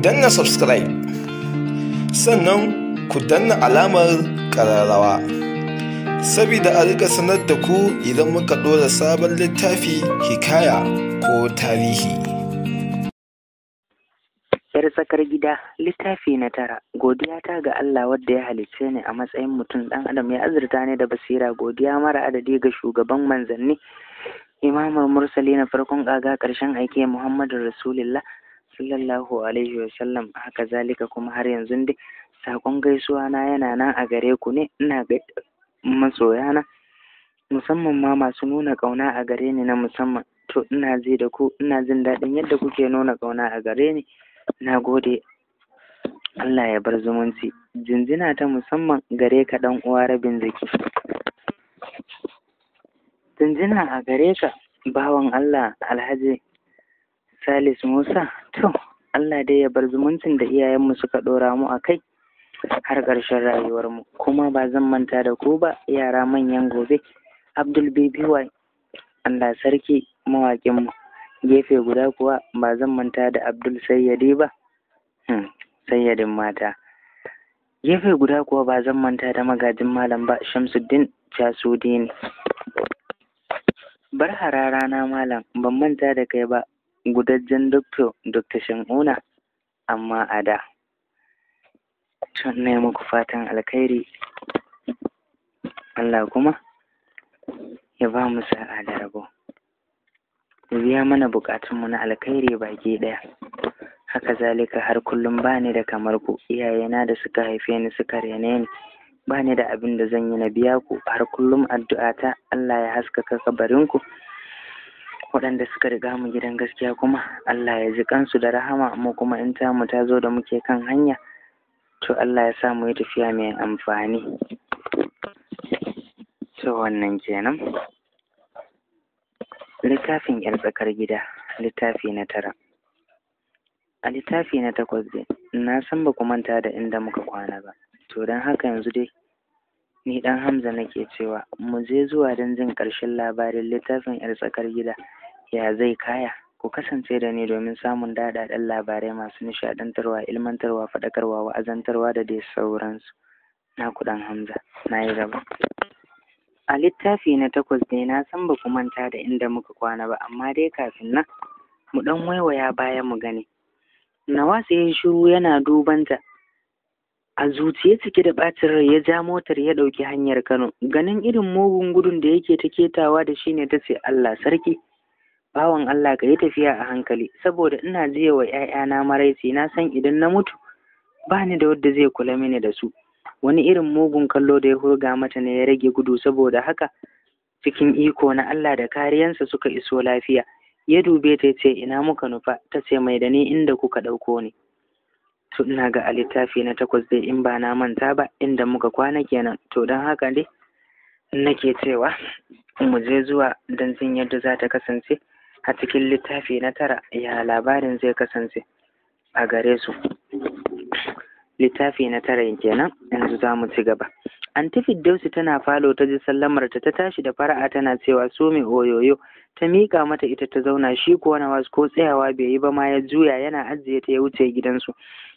danna subscribe sannan ku danna alamar ƙararrawa saboda a rika sanar da ku idan muka ɗora sabon littafi hikaya ko tarihi yar tsakar gida littafi na tara godiya ta ga Allah wadda ya halicce ni a matsayin mutum ɗan adam ya azurta ne da basira godiya mara adadi ga shugaban manzanni imamul mursali na farkon kaga ƙarshen aike muhammadu rasulillah sallallahu alaihi wa sallam haka zalika kuma har yanzu dai sakon gaisuwa na yana nan a gare ku ne ina ga masoyana musamman ma masu nuna kauna a gare ni na musamman to ina ji da ku ina jin daɗin yadda kuke nuna kauna a gare ni na gode Allah ya bar zumunci jinjina ta musamman gare ka dan uwa rabin zaki jinjina a gare ka bawan Allah alhaji Salis Musa to Allah dai ya bar zumuncin da iyayenmu suka ɗora mu a kai har ƙarshen rayuwarmu kuma ba zan manta da ku ba yara manyan gobe Abdul BBY Allah sarki mawaƙinmu gefe guda kuwa ba zan manta da Abdul Sayyadi ba hmm, sayyadin mata gefe guda kuwa ba zan manta da magajin malam ba Shamsuddin Jasudin bar na, malam ban manta da kai ba gudajjen dokto dokta amma a da ne muku fatan alkhairi Allah kuma ya ba mu sa'a da rabo ya biya mana bukatunmu na alkhairi baki ɗaya haka zalika har kullum ba ni da kamar ku iyayena da suka haife ni suka rene ni ba ni da abin da zan yi na biya ku har kullum addu'ata Allah ya haskaka kabarinku waɗanda suka riga mu gidan gaskiya kuma Allah ya ji kansu da rahama mu kuma in ta mu ta zo da muke kan hanya to Allah ya sa mu yi tafiya mai amfani to wannan kenan littafin yar tsakar gida littafi na tara a littafi na takwas dai na san ba ku manta da inda muka kwana ba to don haka yanzu dai Ni ɗan Hamza nake cewa mu je zuwa don jin ƙarshen labarin littafin 'yar tsakar gida. Ya zai kaya? Ku kasance da ni domin samun daɗaɗɗen labarai masu nishaɗantarwa, ilmantarwa, faɗakarwa, wa'azantarwa da dai sauransu. Na ɗan Hamza, na yi gaba. A littafi na takwas ne na san ba ku manta da inda muka kwana ba, amma dai kafin nan mu ɗan waiwaya baya mu gani. Nawas ya shiru yana dubanta a zuciya cike da ɓacin rai ya ja motar ya ɗauki hanyar kano ganin irin mugun gudun da yake ta ketawa da shi ne ta ce allah sarki bawan allah ka yi tafiya a hankali saboda ina jiya wa 'ya'yana maraici na san idan na mutu ba ni da wadda zai kula mini da su wani irin mugun kallo da ya hurga mata ne ya rage gudu saboda haka cikin iko na allah da kariyansa suka iso lafiya ya dube ta ce ina muka nufa ta ce mai da ni inda kuka ɗauko ni to ina ga a littafi na takwas dai in ba na manta ba inda muka kwana kenan to don haka dai nake cewa mu je zuwa don jin yadda za ta kasance a cikin littafi na tara ya labarin zai kasance a gare su littafi na tara kenan yanzu za mu ci gaba Anti Firdausi tana falo ta ji sallamar ta ta tashi da fara'a tana cewa so mai oyoyo ta mika mata ita ta zauna shi kuwa wasu." ko tsayawa bai yi ba ma ya juya yana ajiye ta ya wuce gidansu.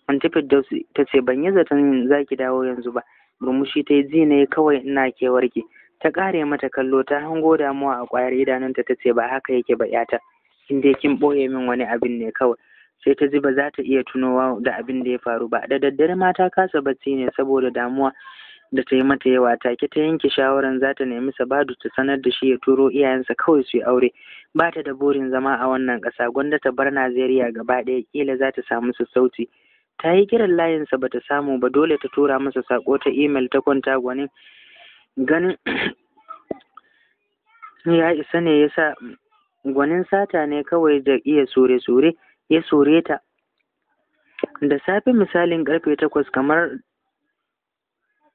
Anti Firdausi ta ce ban yi zaton zaki dawo yanzu ba. Murmushi ta yi ji ne kawai ina ke warke Ta kare mata kallo ta hango damuwa a kwayar idanunta ta ce ba haka yake ba 'yata. In dai kin boye min wani abin ne kawai. sai ta ji ba za ta iya tunowa da abin da ya faru ba da daddare mata kasa bacci ne saboda damuwa da ta yi mata yawa take ta yanke shawaran za ta nemi sabadu ta sanar da shi ya turo iyayensa kawai su yi aure ba ta da burin zama a wannan ƙasa gwanda ta bar najeriya gaba ɗaya ƙila za ta samu su sauti? ta yi kiran layinsa ba ta samu ba dole ta tura masa sako ta imel ta kwanta gwanin ganin ya isa ne ya sa gwanin sata ne kawai da iya sure-sure ya sure ta da safe misalin karfe takwas kamar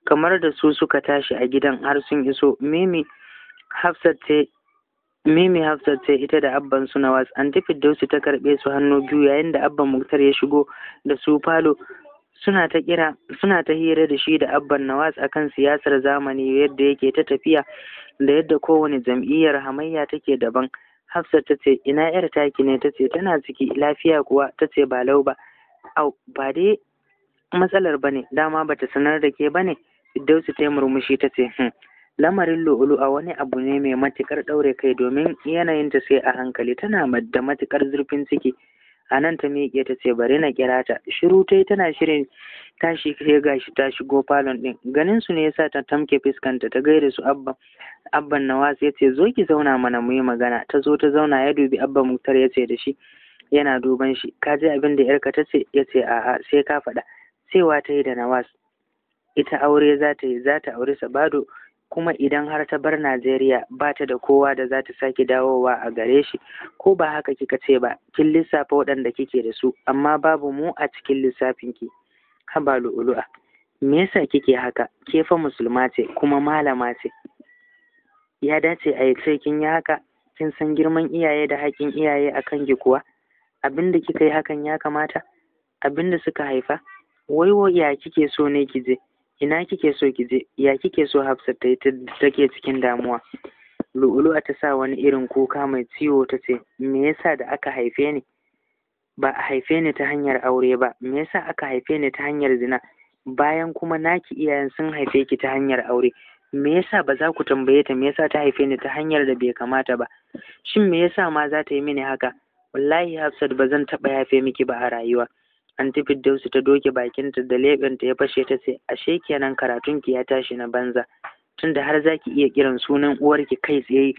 kamar da su suka tashi a gidan har sun iso mimi hafsat ce Mimi Hafsat ce ita da abban su Nawaz anti Firdausi ta karbe su hannu biyu yayin da abban Muktar ya shigo da su falo suna ta kira suna ta hira da shi da abban Nawaz akan siyasar zamani yadda yake ta tafiya da yadda kowane jam'iyyar hamayya take daban Hafsat ta ce ina yar taki ne ta ce tana ciki lafiya kuwa ta ce ba lau ba au ba dai matsalar bane dama bata sanar da ke bane ne Firdausu ta yi murmushi ta ce, hmm, lamarin lamarin a wani abu ne mai matuƙar ɗaure kai domin yanayinta sai a hankali tana da matuƙar zurfin ciki." A nan ta miƙe ta ce, "Bari na kira ta." Shiru ta yi tana shirin tashi sai gashi ta shigo falon ɗin. Ganin su ne ya sa ta tamke fuskanta ta gaida su abban. Abban Nawas ya ce, "Zo ki zauna mana mu yi magana." Ta zo ta zauna ya dubi abban Muktar ya ce da shi. Yana duban shi, ka ji abin da ‘yarka ta ce? Ya ce, a'a, sai ka faɗa. Cewa ta yi da Nawas. ita aure za ta yi za ta aure sabado kuma idan har ta bar Najeriya ba ta da kowa da za ta sake dawowa a gare shi ko ba haka kika ce ba kin lissafa waɗanda kike da su amma babu mu a cikin lissafinki. ki haba lu'ulu'a me yasa kike haka ke fa musulma ce kuma malama ce ya dace a ce kin yi haka kin san girman iyaye da haƙƙin iyaye a kan kuwa kuwa abinda kika yi hakan ya kamata abinda suka haifa waiwo ya kike so ne ki je ina kike so ki je ya kike so Hafsat ta yi take cikin damuwa Lu'ulu'a ta sa wani irin kuka mai ciwo ta ce me yasa da aka haife ni ba a haife ni ta hanyar aure ba me yasa aka haife ni ta hanyar zina bayan kuma naki iyayen sun haife ki ta hanyar aure me yasa ba za ku tambaye ta me yasa ta haife ni ta hanyar da bai kamata ba shin me yasa ma za ta yi mini haka wallahi Hafsat ba zan taɓa yafe miki ba a rayuwa An tafi Firdausi ta doke ta, da ta ya fashe ta ce ashe kenan karatunki ya tashi na banza tunda har zaki iya kiran sunan uwarki kai tsaye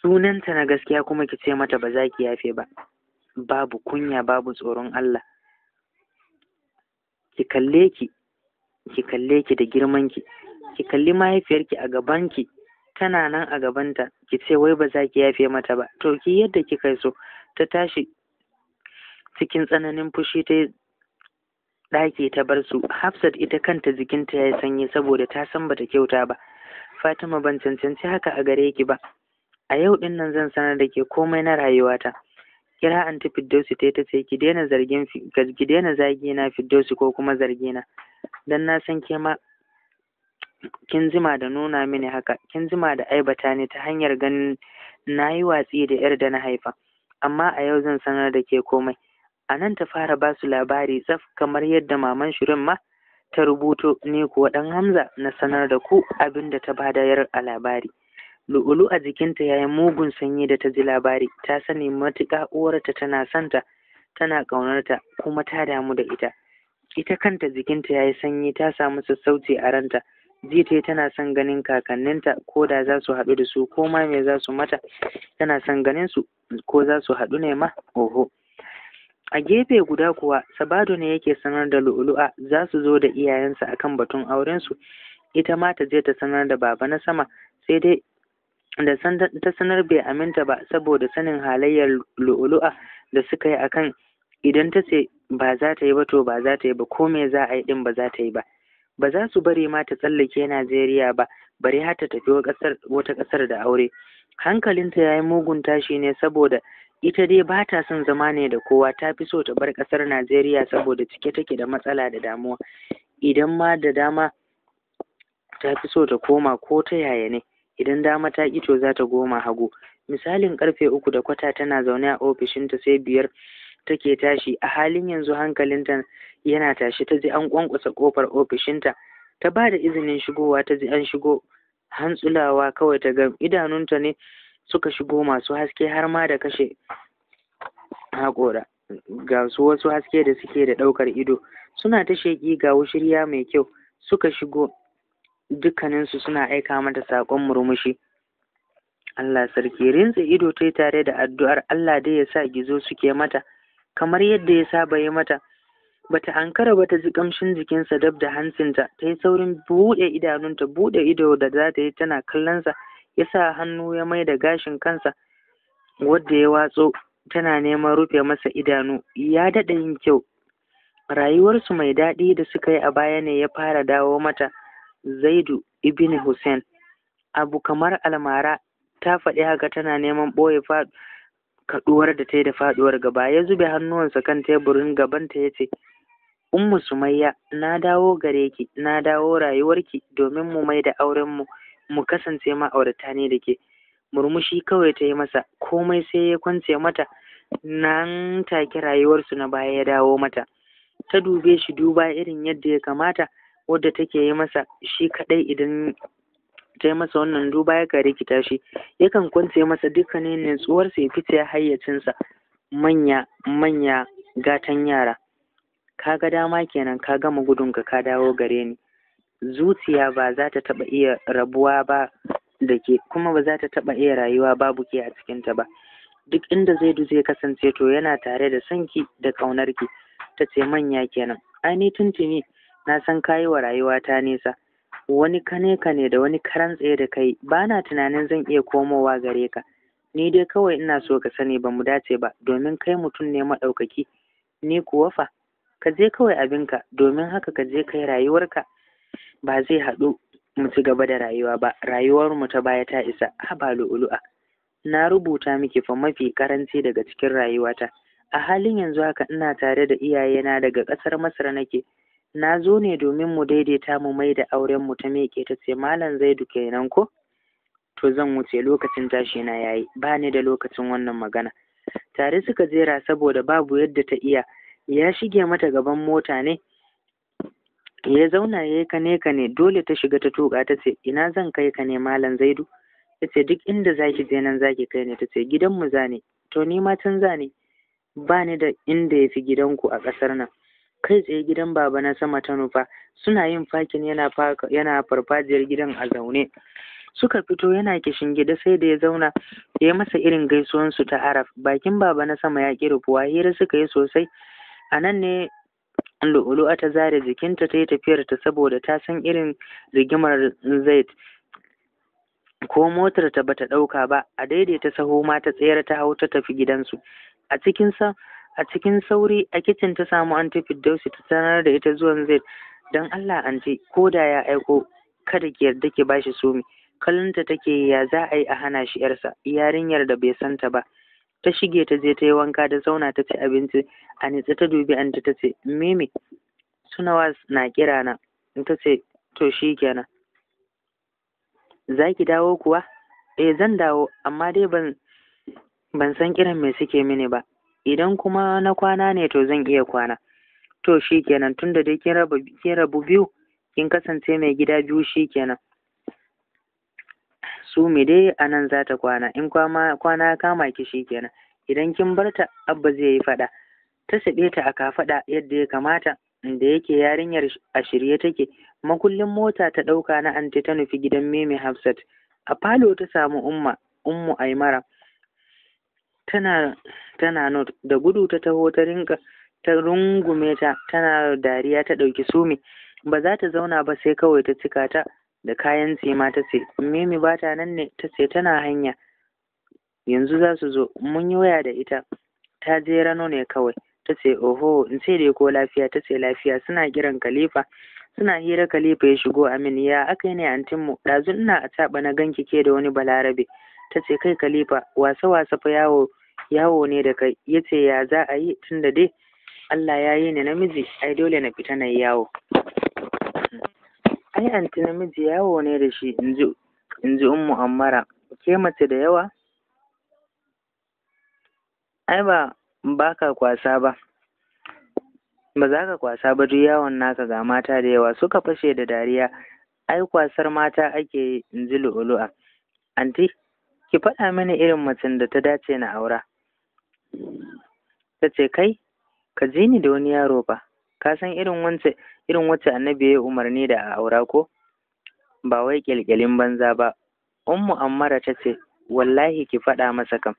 sunanta na gaskiya kuma ki ce mata ba za ki yafe ba babu kunya babu tsoron Allah ki kalle ki ki kalle ki da girman ki ki kalli mahaifiyarki a gabanki tana nan a gabanta ki ce wai ba za ki yafe mata ba to ki yadda kika so ta tashi cikin tsananin fushi ta ɗaki ta bar su hafsat ita kanta jikinta ya sanyi saboda ta san bata kyauta ba fatima ban cancanci haka a gare ki ba a yau dinnan nan zan sanar da ke komai na rayuwata kira anti fiddausi ta ta ce ki daina zargin ki daina zagi na fiddausi ko kuma zargi na dan na san ke ma kin jima da nuna mini haka kin jima da aibata ne ta hanyar ganin na yi watsi da yar da na haifa amma a yau zan sanar da ke komai a nan ta fara ba su labari tsaf kamar yadda maman shirin ma ta rubuto ne kuwa ɗan hamza na sanar da ku abin da ta badayar a labari lu'ulu a jikinta ya yi mugun sanyi da ta ji labari ta sani matuƙa uwarta tana santa tana ƙaunarta kuma ta damu da ita ita kanta jikinta ya yi sanyi ta samu sassauci a ranta jita tana son ganin kakanninta ko da za su haɗu da su ko ma me za su mata tana son ganin su ko za su haɗu ne ma oho a gefe guda kuwa sabado ne yake sanar da lu'ulu'a za su zo da iyayensa akan batun aurensu ita ma ta je ta sanar da baba na sama sai dai da ta sanar bai aminta ba saboda sanin halayyar lu'ulu'a da suka yi akan idan ta ce ba za ta yi ba to ba za ta yi ba ko me za a yi din ba za ta yi ba ba za su bari ma ta tsallake Najeriya ba bari har ta tafi wata ƙasar da aure hankalinta ya yi mugun tashi ne saboda ita dai ba ta son zama ne da kowa ta fi so ta bar ƙasar Najeriya saboda cike take da matsala da damuwa idan ma da dama ta fi so ta koma ko ta yaya ne idan dama ta ƙi to za ta goma hagu misalin karfe uku da kwata tana zaune a ofishinta sai biyar take tashi a halin yanzu hankalinta yana tashi ta ji an kwankwasa kofar ofishinta ta ba da izinin shigowa ta ji an shigo hantsulawa kawai ta ga idanunta ne suka shigo masu haske har ma da kashe haƙora ga su wasu haske da suke da ɗaukar ido suna ta sheƙi ga wushirya mai kyau suka shigo dukkaninsu suna aika mata saƙon murmushi Allah sarki rintse ido ta tare da addu'ar Allah dai ya sa gizo suke mata kamar yadda ya saba yi mata bata ankara ba ta ji kamshin jikinsa dab da hansinta ta yi saurin buɗe idanunta buɗe ido da za ta yi tana kallonsa ya sa hannu ya mai da gashin kansa wadda ya watso tana neman rufe masa idanu ya daɗa yin kyau rayuwarsu mai daɗi da suka yi a baya ne ya fara dawo mata zaidu ibn hussein abu kamar almara ta faɗi haka tana neman ɓoye kaɗuwar da ta yi da faɗuwar gaba ya zube hannuwansa kan teburin gabanta ya ce ummu sumayya na dawo gare ki na dawo rayuwarki domin mu mai da aurenmu mu kasance ma'aurata ne da ke murmushi kawai ta yi masa komai sai ya kwance mata nan take rayuwarsu na baya ya dawo mata ta dube shi duba irin yadda ya kamata wadda take yi masa shi kaɗai idan ta yi masa wannan duba ya ka rikita shi yakan kwance masa dukkanin tsuwar ya fice hayyacinsa manya manya gatan yara ka ga dama kenan ka gama gudunka ka dawo gare ni zuciya ba za ta taɓa iya rabuwa ba da ke kuma ba za ta taɓa iya rayuwa babu ke a cikinta ba duk inda zaidu zai kasance to yana tare da sanki da ƙaunarki ta ce manya kenan ai tuntuni na san kayi wa rayuwa ta nesa wani kane kane da wani karan tsaye da kai ba na tunanin zan iya komowa gare ka ni dai kawai ina so ka sani ba mu dace ba domin kai mutum ne maɗaukaki ni kuwa fa ka je kawai abinka domin haka ka je kai rayuwarka ba zai haɗu mu ci gaba da rayuwa ba rayuwar mu ta baya ta isa ba lu'ulu'a na rubuta miki fa mafi karanci daga cikin rayuwata a halin yanzu haka ina tare da iyayena daga ƙasar masar nake na zo ne domin mu daidaita mu mai da auren mu ta meke ta ce malam zaidu kenan ko to zan wuce lokacin tashi na yayi ba ni da lokacin wannan magana tare suka jera saboda babu yadda ta iya ya shige mata gaban mota ne ya zauna ya yi kane kane dole ta shiga ta tuka ta ce ina zan kai ka ne malam zaidu ta ce duk inda zaki je nan zaki kai ne ta ce gidanmu za ne to ni ma can za ne ba ni da inda ya fi gidanku a ƙasar nan kai tsaye gidan baba na sama ta nufa suna yin fakin yana yana farfajiyar gidan a zaune suka fito yana kishin gida sai da ya zauna ya masa irin gaisuwansu ta araf bakin baba na sama ya ƙirufuwa rufuwa hira suka yi sosai a nan ne ɗan lu'ulu'a ta zare jikinta ta yi tafiyar ta saboda ta san irin rigimar zaid ko motar ta bata ɗauka ba a daidaita saho ma ta tsayar ta hau ta tafi gidansu a cikin sa a cikin sauri a kicin ta samu tafi dausi ta sanar da ita zuwan Zaid dan Allah anti ko da ya aiko kada ki yarda ki bashi sumi kallonta take ya za a yi a hana shi yarsa yarinyar da bai santa ba ta shige ta je ta yi wanka da zauna ta ci abinci a nitsa ta dubi an ta ce mimi sunawas na kira na ta ce to shi kenan za ki dawo kuwa eh zan dawo amma dai ban ban san kiran me suke mini ba idan kuma na kwana ne to zan iya kwana to shi kenan tunda dai kin rabu biyu kin kasance mai gida biyu shi kenan Sumi dai a nan za ta kwana, in kwana kama ki shi kenan. Idan kin bar ta Abba zai yi faɗa. Ta saɓe ta a kafaɗa yadda ya kamata, da yake yarinyar a shirye take. Makullin mota ta ɗauka na anti ta nufi gidan meme Hafsat. A falo ta samu Umma, Ummu Aimara. Tana tana not da gudu ta taho ta rinka ta rungume ta tana dariya ta ɗauki sumi ba za ta zauna ba sai kawai ta cika ta da kayan ma, ta ce mimi ba ta nan ne ta ce tana hanya yanzu za su zo mun yi waya da ita ta je rano ne kawai ta ce oho in ce dai ko lafiya ta ce lafiya suna kiran khalifa suna hira khalifa ya shigo amin ya aka yi ne antinmu dazu ina a taba na ganki ke da wani balarabe ta ce kai khalifa wasa wasa fa yawo yawo ne da kai ya ce ya za a yi tunda dai Allah ya yi ne namiji ai dole na fita na yi yawo ai anti namiji yawo ne da shi in ji ummu ammara ke mace da yawa ai ba ba ka kwasa ba ba za ka kwasa ba duk yawon naka ga mata da yawa suka fashe da dariya ai kwasar mata ake yi in ji lu'ulu'a anti ki faɗa mini irin macen da ta dace na aura ta ce kai ka ji ni da wani yaro ba. ka san irin wance irin wacce annabi ya yi umarni da a aura ko ba wai kyalkyalin banza ba ummu ammara ta ce wallahi ki faɗa masa kam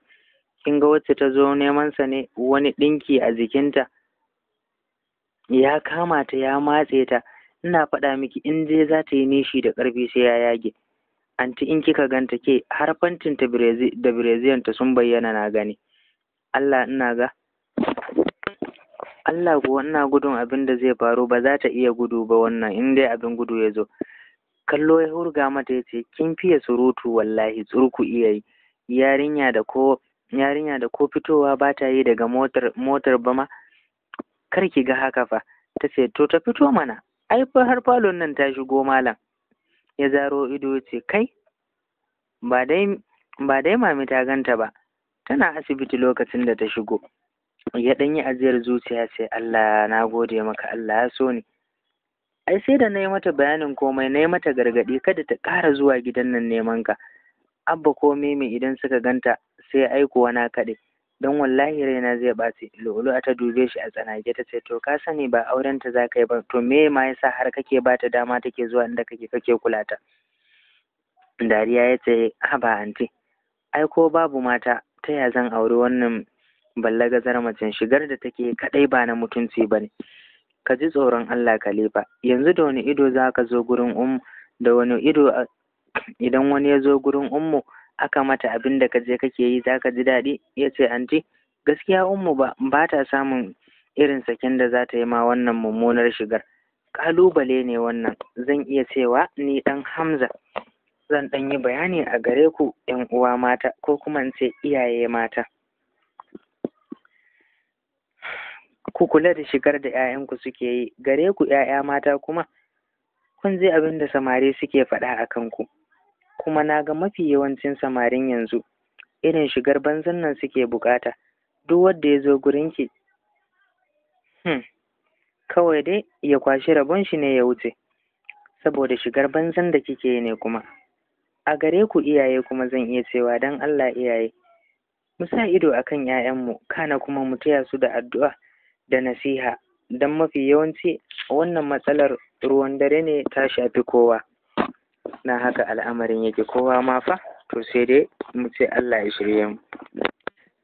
kin ga wacce ta zo neman sa ne wani ɗinki a jikinta ya kama ta ya matse ta ina faɗa miki in je za ta yi nishi da ƙarfi sai ya yage anti in kika ganta ke har fantinta da bireziyanta sun bayyana na gani Allah ina ga Allah kuwa ina gudun abin da zai faru ba za ta iya gudu ba wannan in dai abin gudu ya zo kallo ya hurga mata ya ce kin fiye surutu wallahi tsurku iya yi yarinya da ko yarinya da ko fitowa ba ta yi daga motar motar ba ma kar ki ga haka fa ta ce to ta fito mana ai fa har falon nan ta shigo malam ya zaro ido ya ce kai ba dai ba dai mami ta ganta ba tana asibiti lokacin da ta shigo ya ɗan yi ajiyar zuciya ce Allah na gode maka Allah ya so ni ai sai da na yi mata bayanin komai na yi mata gargaɗi kada ta ƙara zuwa gidan nan neman ka abba ko meme idan suka ganta sai aikowa na kaɗai don wallahi raina zai ɓaci lulu ta dube shi a tsanage ta ce to ka sani ba auren ta ka yi ba to me ma yasa har kake ba ta dama take zuwa inda kake kake kula ta dariya ya ce haba anti ai ko babu mata ta ya zan auri wannan balla gazar macen shigar da take kadai ba na mutunci ba ne ka ji tsoron Allah lefa. yanzu da wani ido za ka zo gurin um da wani ido idan wani ya zo gurin ummu aka mata abin da ka je kake yi za ka ji daɗi ya ce anti gaskiya ummu ba ba ta samun irin saken da za ta yi ma wannan mummunar shigar kalubale ne wannan zan iya cewa ni dan hamza zan dan yi bayani a gare ku ‘yan uwa mata ko kuma in ce iyaye mata ku kula da shigar da ‘ya'yanku suke yi gare ku ‘ya'ya mata kuma kun ji abin da samari suke faɗa a kanku kuma na ga mafi yawancin samarin yanzu irin shigar banzan nan suke buƙata. duk wanda ya zo gurinki hmm, kawai dai ya kwashi rabon shi ne ya wuce saboda shigar banzan da kike ne kuma a gare ku iyaye kuma zan iya cewa don allah iyaye mu sa ido akan 'ya'yanmu kana kuma mu taya su da addu'a da nasiha don mafi yawanci wannan matsalar ruwan dare ne ta shafi kowa na haka al'amarin yake kowa ma fa to sai dai mu ce Allah ya shirye mu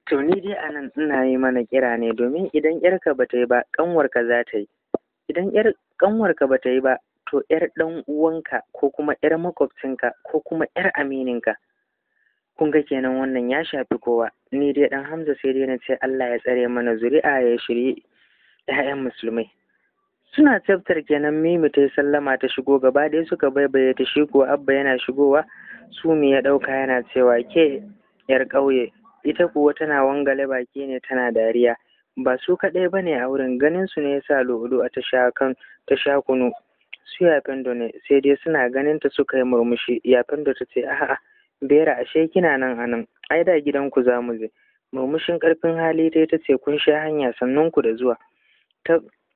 to ni dai anan ina yi mana kira ne domin idan yarka ba ta yi ba kanwarka za ta yi idan yar kanwarka ba ta yi ba to yar dan uwanka ko kuma yar makwabcinka ko kuma yar amininka kun ga kenan wannan ya shafi kowa ni dai dan Hamza sai dai na ce Allah ya tsare mana zuri'a ya shirye ‘ya'yan musulmai suna tsaftar kenan Mimi ta sallama ta shigo gaba ɗaya suka baibaye ta shi ko abba yana shigowa su sumi ya ɗauka yana cewa ke yar ƙauye ita kuwa tana wangale baki ne tana dariya ba su kaɗai ba ne a wurin ganin su ne ya sa lo'ulu a ta sha kunu su fendo ne sai dai suna ganin ta suka yi murmushi fendo ta ce a'a bera ashe kina nan anan ai da gidanku za mu je murmushin ƙarfin hali dai ta ce kun sha hanya sannan ku da zuwa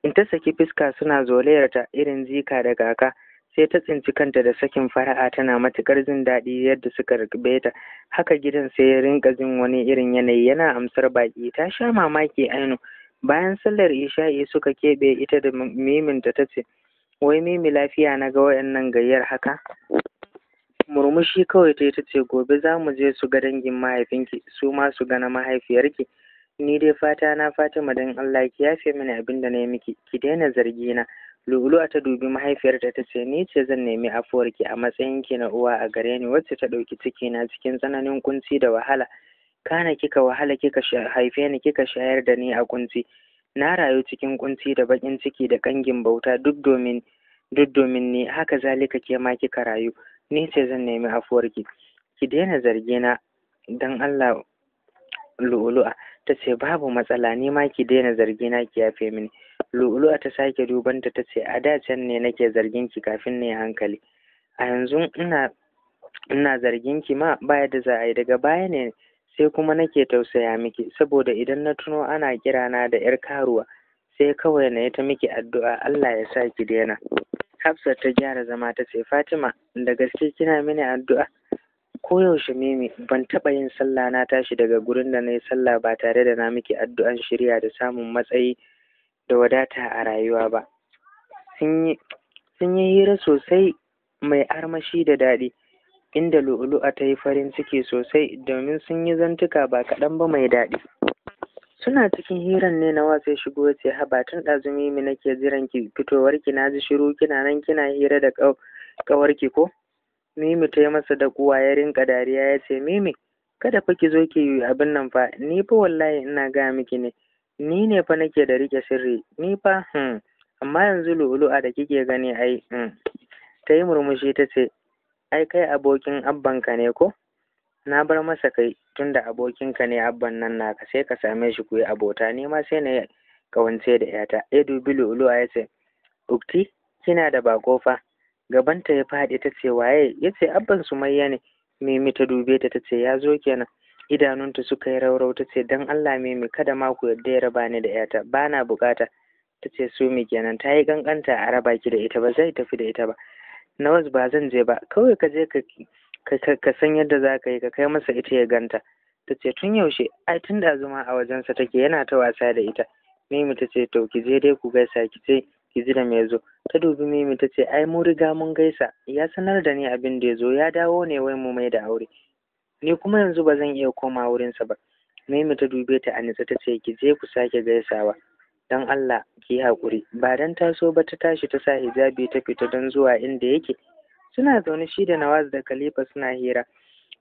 in ta saki fuska suna zolayarta irin zika da kaka sai ta tsinci kanta da sakin fara'a tana matukar jin daɗi yadda suka rikbe ta haka gidan sai ya rinka jin wani irin yanayi yana amsar baki ta sha mamaki ainu bayan sallar isha'i suka keɓe ita da miminta ta ce wai mimi lafiya na ga wayannan gayyar haka murmushi kawai ta ta ce gobe za mu je su ga dangin mahaifinki su ma su ga na mahaifiyarki ni dai fata na Fatima dan Allah ki yafe mini abin da na yi miki ki daina zargi na Lulu'a ta dubi mahaifiyarta ta ce ni ce zan nemi ki. a matsayin ki na uwa a gare ni wacce ta ɗauki ciki na cikin tsananin kunci da wahala kana kika wahala kika haife ni kika shayar da ni a kunci na rayu cikin kunci da bakin ciki da kangin bauta duk domin duk domin ni haka zalika ke ma kika rayu ni ce zan nemi afuwarki ki daina zargi na, dan Allah lu'ulu'a ta ce babu matsala ni ma ki daina zargi na ki yafe mini lu'lu'a ta sake dubanta ta ce a da can ne nake zargin ki kafin ne hankali a yanzu ina ina zargin ki ma baya da za a yi daga baya ne sai kuma nake tausaya miki saboda idan na tuno ana kira na da yar karuwa sai kawai na yi ta miki addu'a Allah ya sa ki daina Hafsat ta gyara zama ta ce Fatima da gaske kina mini addu'a koyaushe ne ban taɓa yin sallah na tashi daga gurin da na yi sallah ba tare da na miki addu'an shirya da samun matsayi da wadata a rayuwa ba sun yi hira sosai mai armashi da daɗi inda lu'ulu'a ta yi farin ciki sosai domin sun yi zantuka ba kaɗan ba mai daɗi suna cikin hiran ne na wasai shigo ya ce haba tun ɗazumi mi nake jiran ki fitowar ki na ji shiru kina nan kina hira da ƙawarki ko Mimi ta masa da kuwa ya rinka dariya ya ce Mimi kada fa ki zo ki yi abin nan fa ni fa wallahi ina ga miki ne ni ne fa nake da rike sirri ni fa hmm amma yanzu lu'ulu'a da kike gani ai hmm ta yi murmushi ta ce ai kai abokin abbanka ne ko na bar masa kai tunda abokinka ne abban nan naka sai ka same shi ku yi abota ni ma sai na kawance da yata ya dubi lulu'a ya ce ukti kina da bako fa gabanta ya faɗi ta ce waye ya ce abban sumayya ne mimi ta dube ta ta ce ya zo kenan idanunta suka yi raurau ta ce don allah mimi kada ma ku yadda ya raba ni da yata ba na bukata ta ce su mi kenan ta yi kankanta a raba ki da ita ba zai tafi da ita ba nawaz ba zan je ba kawai ka je ka san yadda za ka yi ka kai masa ita ya ganta ta ce tun yaushe ai tun da zuma a wajensa take yana ta wasa da ita mimi ta ce to ki je dai ku gaisa ki ce Kiziram ya zo ta dubi Mimi ta ce ai mun riga mun gaisa ya sanar da ni abin da ya zo ya dawo ne wai mu mai da aure ni kuma yanzu ba zan iya koma wurinsa ba Mimi ta dube ta anisa ta ce ki je ku sake gaisawa don Allah ki haƙuri ba dan taso ba ta tashi ta sa hijabi ta fita don zuwa inda yake suna zaune shi da Nawaz da Khalifa suna hira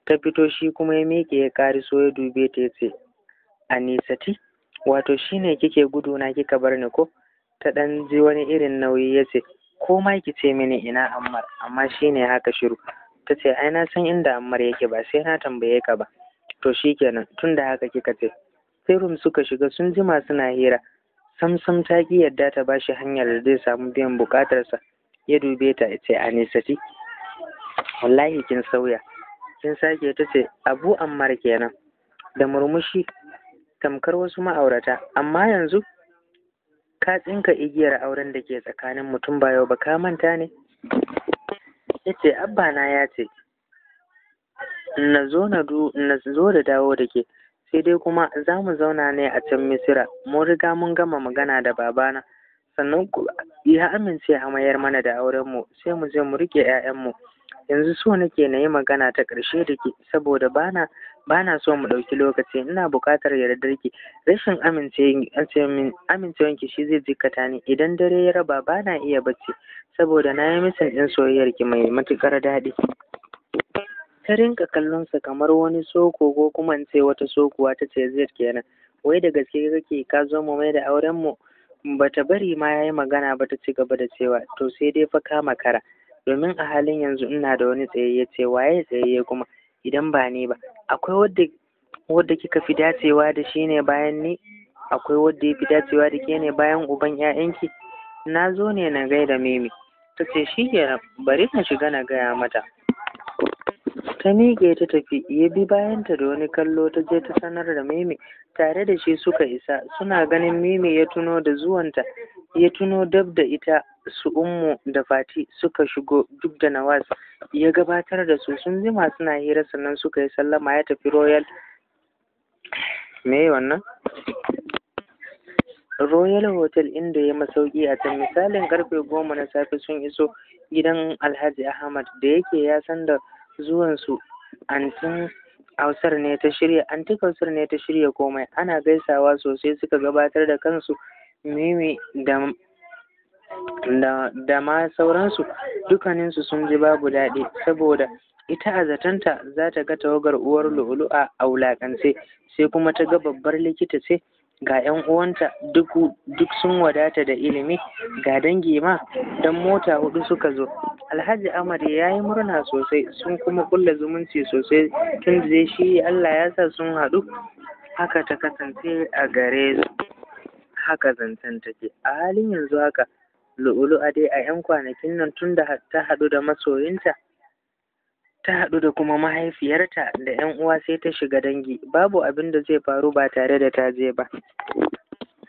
ta fito shi kuma ya miƙe ya so ya dube ta ya ce anisati wato shine kike gudu na, kika bar ni ko ta ɗan ji wani irin nauyi ya ce ko ma ki ce mini ina ammar amma shi ne haka shiru ta ce ai na san inda ammar yake ba sai na tambaye ka ba to shi kenan, tun da haka kika ce sai suka shiga sun jima suna hira samsam ta ki yadda ta ba shi hanyar da zai samu biyan bukatarsa ya dube ta ya ce a nisati wallahi kin sauya kin sake ta ce abu ammar kenan da murmushi tamkar wasu ma'aurata amma yanzu ka tsinka igiyar auren da ke tsakanin mutum ba yau ba ka manta ne ya ce abba na ya ce na zo da dawo da ke sai dai kuma za mu zauna ne a can misira mun riga mun gama magana da babana sannan ya amince a mayar mana da aurenmu sai mu je mu rike 'ya'yanmu yanzu so nake na yi magana ta ƙarshe da ke saboda bana bana so mu ɗauki lokaci ina buƙatar ki rashin amincewanki shi zai jikkata ni idan dare ya raba bana iya bacci saboda na yi misin ɗin soyayyarki mai matuƙar daɗi ta rinka kallon sa kamar wani soko ko kuma in ce wata sokuwa ta ce zai kenan wai da gaske kake ka zo mu mai da auren mu bata bari ma yayi magana ba ta ci gaba da cewa to sai dai fa kama kara domin a halin yanzu ina da wani tsayayye ce waye tsayayye kuma idan ba ni ba akwai wadda wadda kika fi dacewa da shi ne bayan ni akwai wadda ya fi dacewa da ke ne bayan uban 'ya'yanki na zo ne na gaida mimi ta ce shi kenan bari na shiga na gaya mata ta miƙe ta tafi ya bi bayanta da wani kallo ta je ta sanar da mimi tare da shi suka isa suna ganin mimi ya tuno da zuwanta ya tuno dab da ita su ummu da fati suka shigo duk da nawaz ya gabatar da su sun jima suna hira sannan suka yi sallama ya tafi royal me wannan royal hotel inda ya masauki a can misalin karfe goma na safe sun iso gidan alhaji ahmad da yake ya san da zuwansu antin hausar ne ta shirya antin kausar ne ta shirya komai ana gaisawa sosai suka gabatar da kansu mimi da da, da ma sauransu dukkaninsu sun ji babu daɗi saboda ita a zatanta za ta ga tawagar uwar lu'ulu'a a wulaƙance sai kuma ta ga babbar likita ce ga 'yan uwanta duk, duk sun wadata da ilimi ga dangi ma don mota huɗu suka zo alhaji amar ya yi murna sosai sun kuma kulla zumunci sosai tun da shi allah ya sa sun haɗu haka ta kasance a gare su haka zancen take a halin yanzu haka lu'ulu'a dai a 'yan kwanakin nan tun da ta haɗu da masoyinta ta haɗu da kuma mahaifiyarta da 'yan uwa sai ta shiga dangi babu abin da zai faru ba tare da ta je ba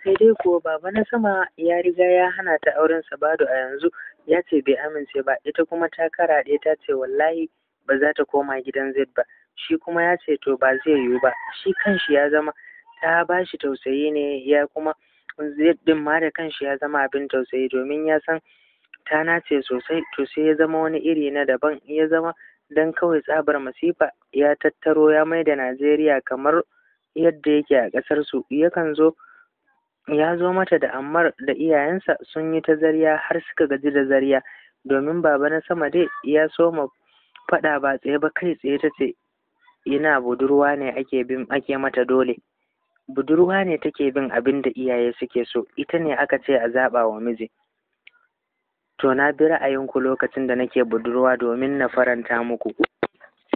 sai dai kuwa baba na sama ya riga ya hana ta auren sabado a yanzu ya ce bai amince ba ita kuma ta karaɗe ta ce wallahi ba za ta koma gidan zai ba shi kuma ya ce to ba zai yiwu ba shi kanshi ya zama ta ba shi tausayi ne ya kuma kafin din ma da kanshi ya zama abin tausayi domin ya san ta ce sosai to sai ya zama wani iri na daban ya zama dan kawai tsabar masifa ya tattaro ya mai da Najeriya kamar yadda yake a ƙasar su yakan zo ya zo mata da Ammar da iyayensa sun yi ta zariya har suka gaji da zariya domin baba na sama dai ya soma faɗa ba tsaye ba kai tsaye ta ce ina budurwa ne ake bin ake mata dole budurwa ne take bin abin da iyaye suke so ita ne aka ce a zaɓa wa miji to na bi ra'ayinku lokacin da nake budurwa domin na faranta muku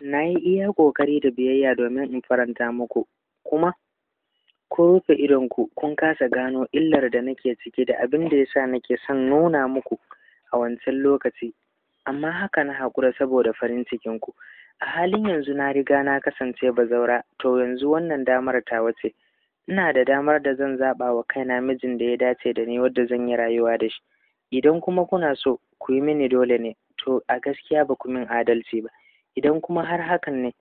na yi iya ƙoƙari da biyayya domin in faranta muku kuma Ko rufe idonku kun kasa gano illar da nake ciki da abin da yasa nake son nuna muku a wancan lokaci amma haka na haƙura saboda farin cikinku a halin yanzu na riga na kasance bazaura to yanzu wannan damar ta wace ina da damar da zan zaɓa wa kaina mijin da ya dace da ni wadda zan yi rayuwa da shi idan kuma kuna so ku yi mini dole ne to a gaskiya ba ku min adalci ba idan kuma har hakan ne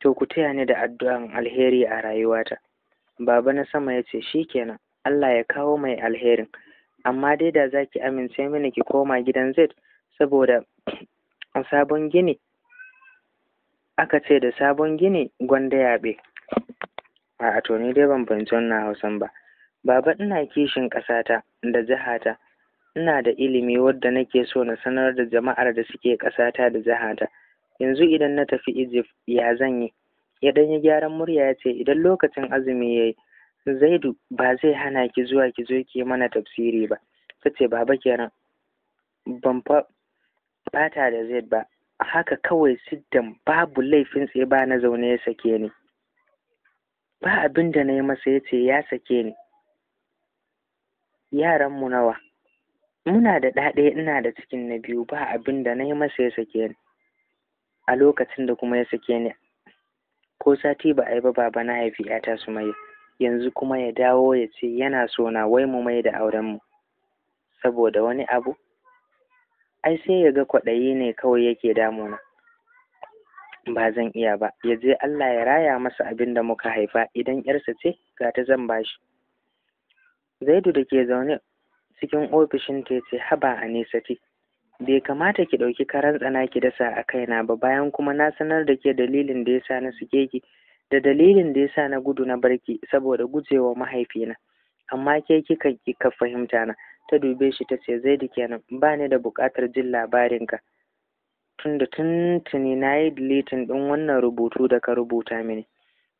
to ku taya ni da addu'an alheri a rayuwata baba na sama ya ce shi kenan, Allah ya kawo mai alherin amma dai da za ki amince mini ki koma gidan Zaid saboda sabon gini aka ce da sabon gini gwanda yaɓe A'a to ni dai ban fahimci wannan Hausan ba. Baba ina kishin ƙasata da jihata. Ina da ilimi wadda nake so na sanar da jama'ar da suke ƙasata da jihata. Yanzu idan na tafi Egypt ya zan yi? Ya dan yi gyaran murya ya ce idan lokacin azumi ya yi Zaidu ba zai hana ki zuwa ki zo ki mana tafsiri ba. Ta ce baba kenan ban fa da Zaid ba haka kawai siddan babu laifin tseba na zaune ya sake ni. ba abin da na yi masa ya ce ya sake ni yaranmu nawa muna da ɗaɗe ina da cikin na biyu ba abin da na yi masa ya sake ni a lokacin da kuma ya sake ni ko sati ba a yi ba baba na haifi ta su mai yanzu kuma ya dawo ya ce yana so na wai mu mai da aurenmu saboda wani abu ai sai ya ga kwaɗayi ne kawai yake damuna ba zan iya ba ya je Allah ya raya masa abin da muka haifa idan yarsa ce ga ta zan shi. zaidu da ke zaune cikin ofishin ta ce haba a nesa ce bai kamata ki ɗauki karan tsana ki dasa a kaina ba bayan kuma na sanar da ke dalilin da yasa na suke ki da dalilin da yasa na gudu na barki saboda gujewa mahaifina amma ke kika ka fahimta na ta dube shi ta ce zaidu kenan ba ni da buƙatar jin labarinka tunda tuntuni na yi deleting ɗin wannan rubutu da ka rubuta mini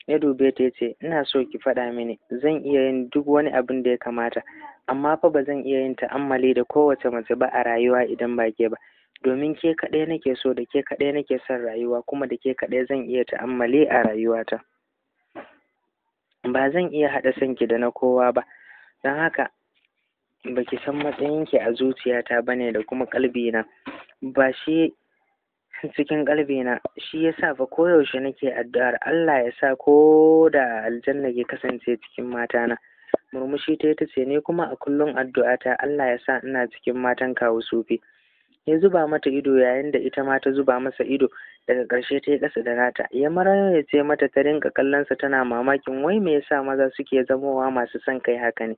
ya dube ta yace ina so ki faɗa mini zan iya yin duk wani abin da ya kamata amma fa ba zan iya yin ta'ammali da kowace mace ba a rayuwa idan ba ke ba domin ke kaɗai nake so da ke kaɗai nake son rayuwa kuma da ke kaɗai zan iya ta'ammali a rayuwata ba zan iya haɗa sanki da na kowa ba don haka baki san matsayinki a zuciyata ba ne da kuma ƙalbina ba shi cikin ƙalbina shi ya sa ba koyaushe nake addu'ar Allah ya sa ko da aljanna ke kasance cikin mata na. murmushi ta ta ce ne kuma a kullum addu'ata Allah ya sa ina cikin matan kawo sufi ya zuba mata ido yayin da ita ma ta zuba masa ido daga ƙarshe ta yi ƙasa da nata ya marayo ya ce mata ta rinka kallonsa tana mamakin wai me yasa maza suke zamowa masu son kai haka ne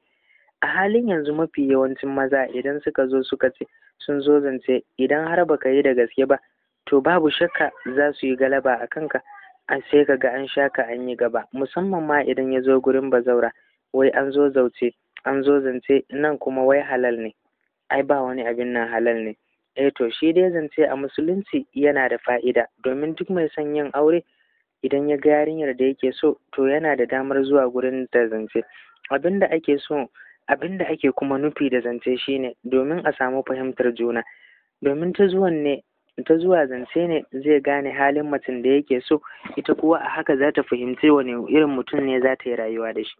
a halin yanzu mafi yawancin maza idan suka zo suka ce sun zo zance idan har baka yi da gaske ba to babu shakka za su yi galaba a kanka an sai ka ga an sha ka an yi gaba musamman ma idan ya zo gurin bazaura wai an zo zauce an zo zance nan kuma wai halal ne ai ba wani abin nan halal ne eh to shi dai zance a musulunci yana da fa'ida domin duk mai son yin aure idan ya ga yarinyar da yake so to yana da damar zuwa gurin da zance abinda ake so abinda ake kuma nufi da zance shine domin a samu fahimtar juna domin ta zuwan ne ta zuwa zance ne zai gane halin mutum da yake so ita kuwa a haka za ta fahimci wani irin mutum ne za ta yi rayuwa da shi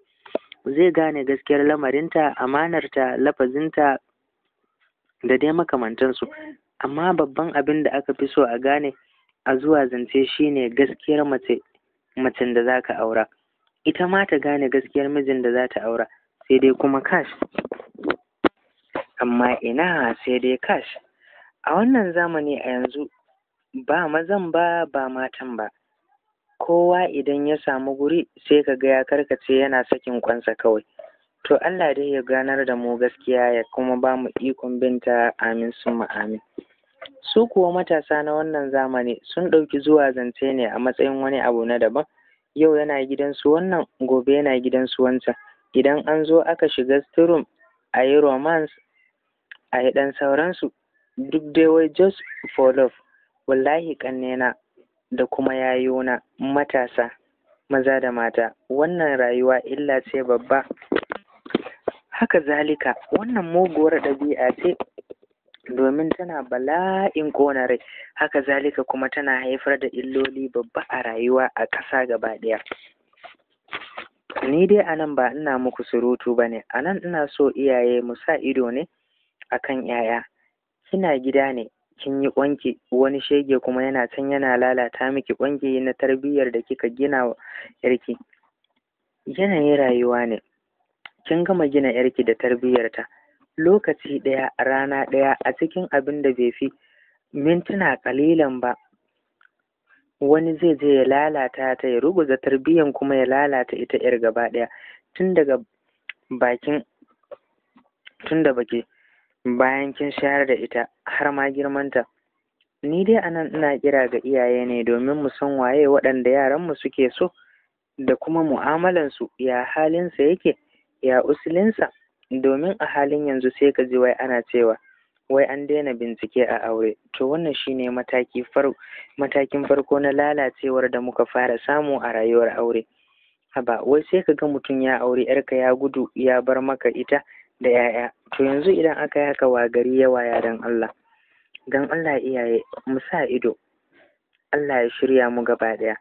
zai gane gaskiyar lamarinta amanarta lafazinta da dai makamantansu amma babban abin da aka fi so a gane a zuwa zance shine gaskiyar mace macen da za ka aura ita ma ta gane gaskiyar mijin da za ta aura sai dai kuma kash amma ina sai dai kash a wannan zamani a yanzu ba mazan ba ba matan ba kowa idan ya samu guri sai ka ga ya karkace yana sakin kwansa kawai to Allah dai ya ganar da mu gaskiya ya kuma ba mu ikon binta amin summa amin su kuwa matasa na wannan zamani sun ɗauki zuwa zance ne a matsayin wani abu na daban yau yana gidansu wannan gobe yana gidansu wancan idan an zo aka shiga stirum a yi romance a yi ɗan sauransu duk dai wai just for love wallahi ƙannena da kuma yayona matasa maza da mata wannan rayuwa illa ce babba haka zalika wannan muguwar ɗabi'a ce domin tana bala'in ƙona rai haka zalika kuma tana haifar da illoli babba a rayuwa a ƙasa gaba ɗaya ni dai a nan ba ina muku surutu ba ne a nan ina so iyaye mu sa ido ne a kan 'ya'ya kina gida ne kin yi ƙwanki wani shege kuma yana can yana lalata miki ƙwanki na tarbiyyar da kika gina wa yarki yanayin rayuwa ne kin gama gina yarki da tarbiyyarta lokaci ɗaya rana ɗaya a cikin abin da bai fi mintuna ƙalilan ba wani zai je ya lalata ta ya ruguza tarbiyyan kuma ya lalata ita yar gaba ɗaya tun daga bakin tun da baki bayan kin shayar da ita har ma girmanta ni dai anan ina kira ga iyaye ne domin mu san waye waɗanda yaranmu suke so da kuma mu'amalansu ya halinsa yake ya usulinsa domin a halin yanzu sai ka ji wai ana cewa wai an daina bincike a aure to wannan shine mataki matakin farko na lalacewar da muka fara samu a rayuwar aure haba wai sai ka ga mutum ya aure yarka ya gudu ya bar maka ita da 'ya'ya to yanzu idan aka yi haka wa gari yawa ya dan Allah dan Allah iyaye mu sa ido Allah ya shirya mu gaba ɗaya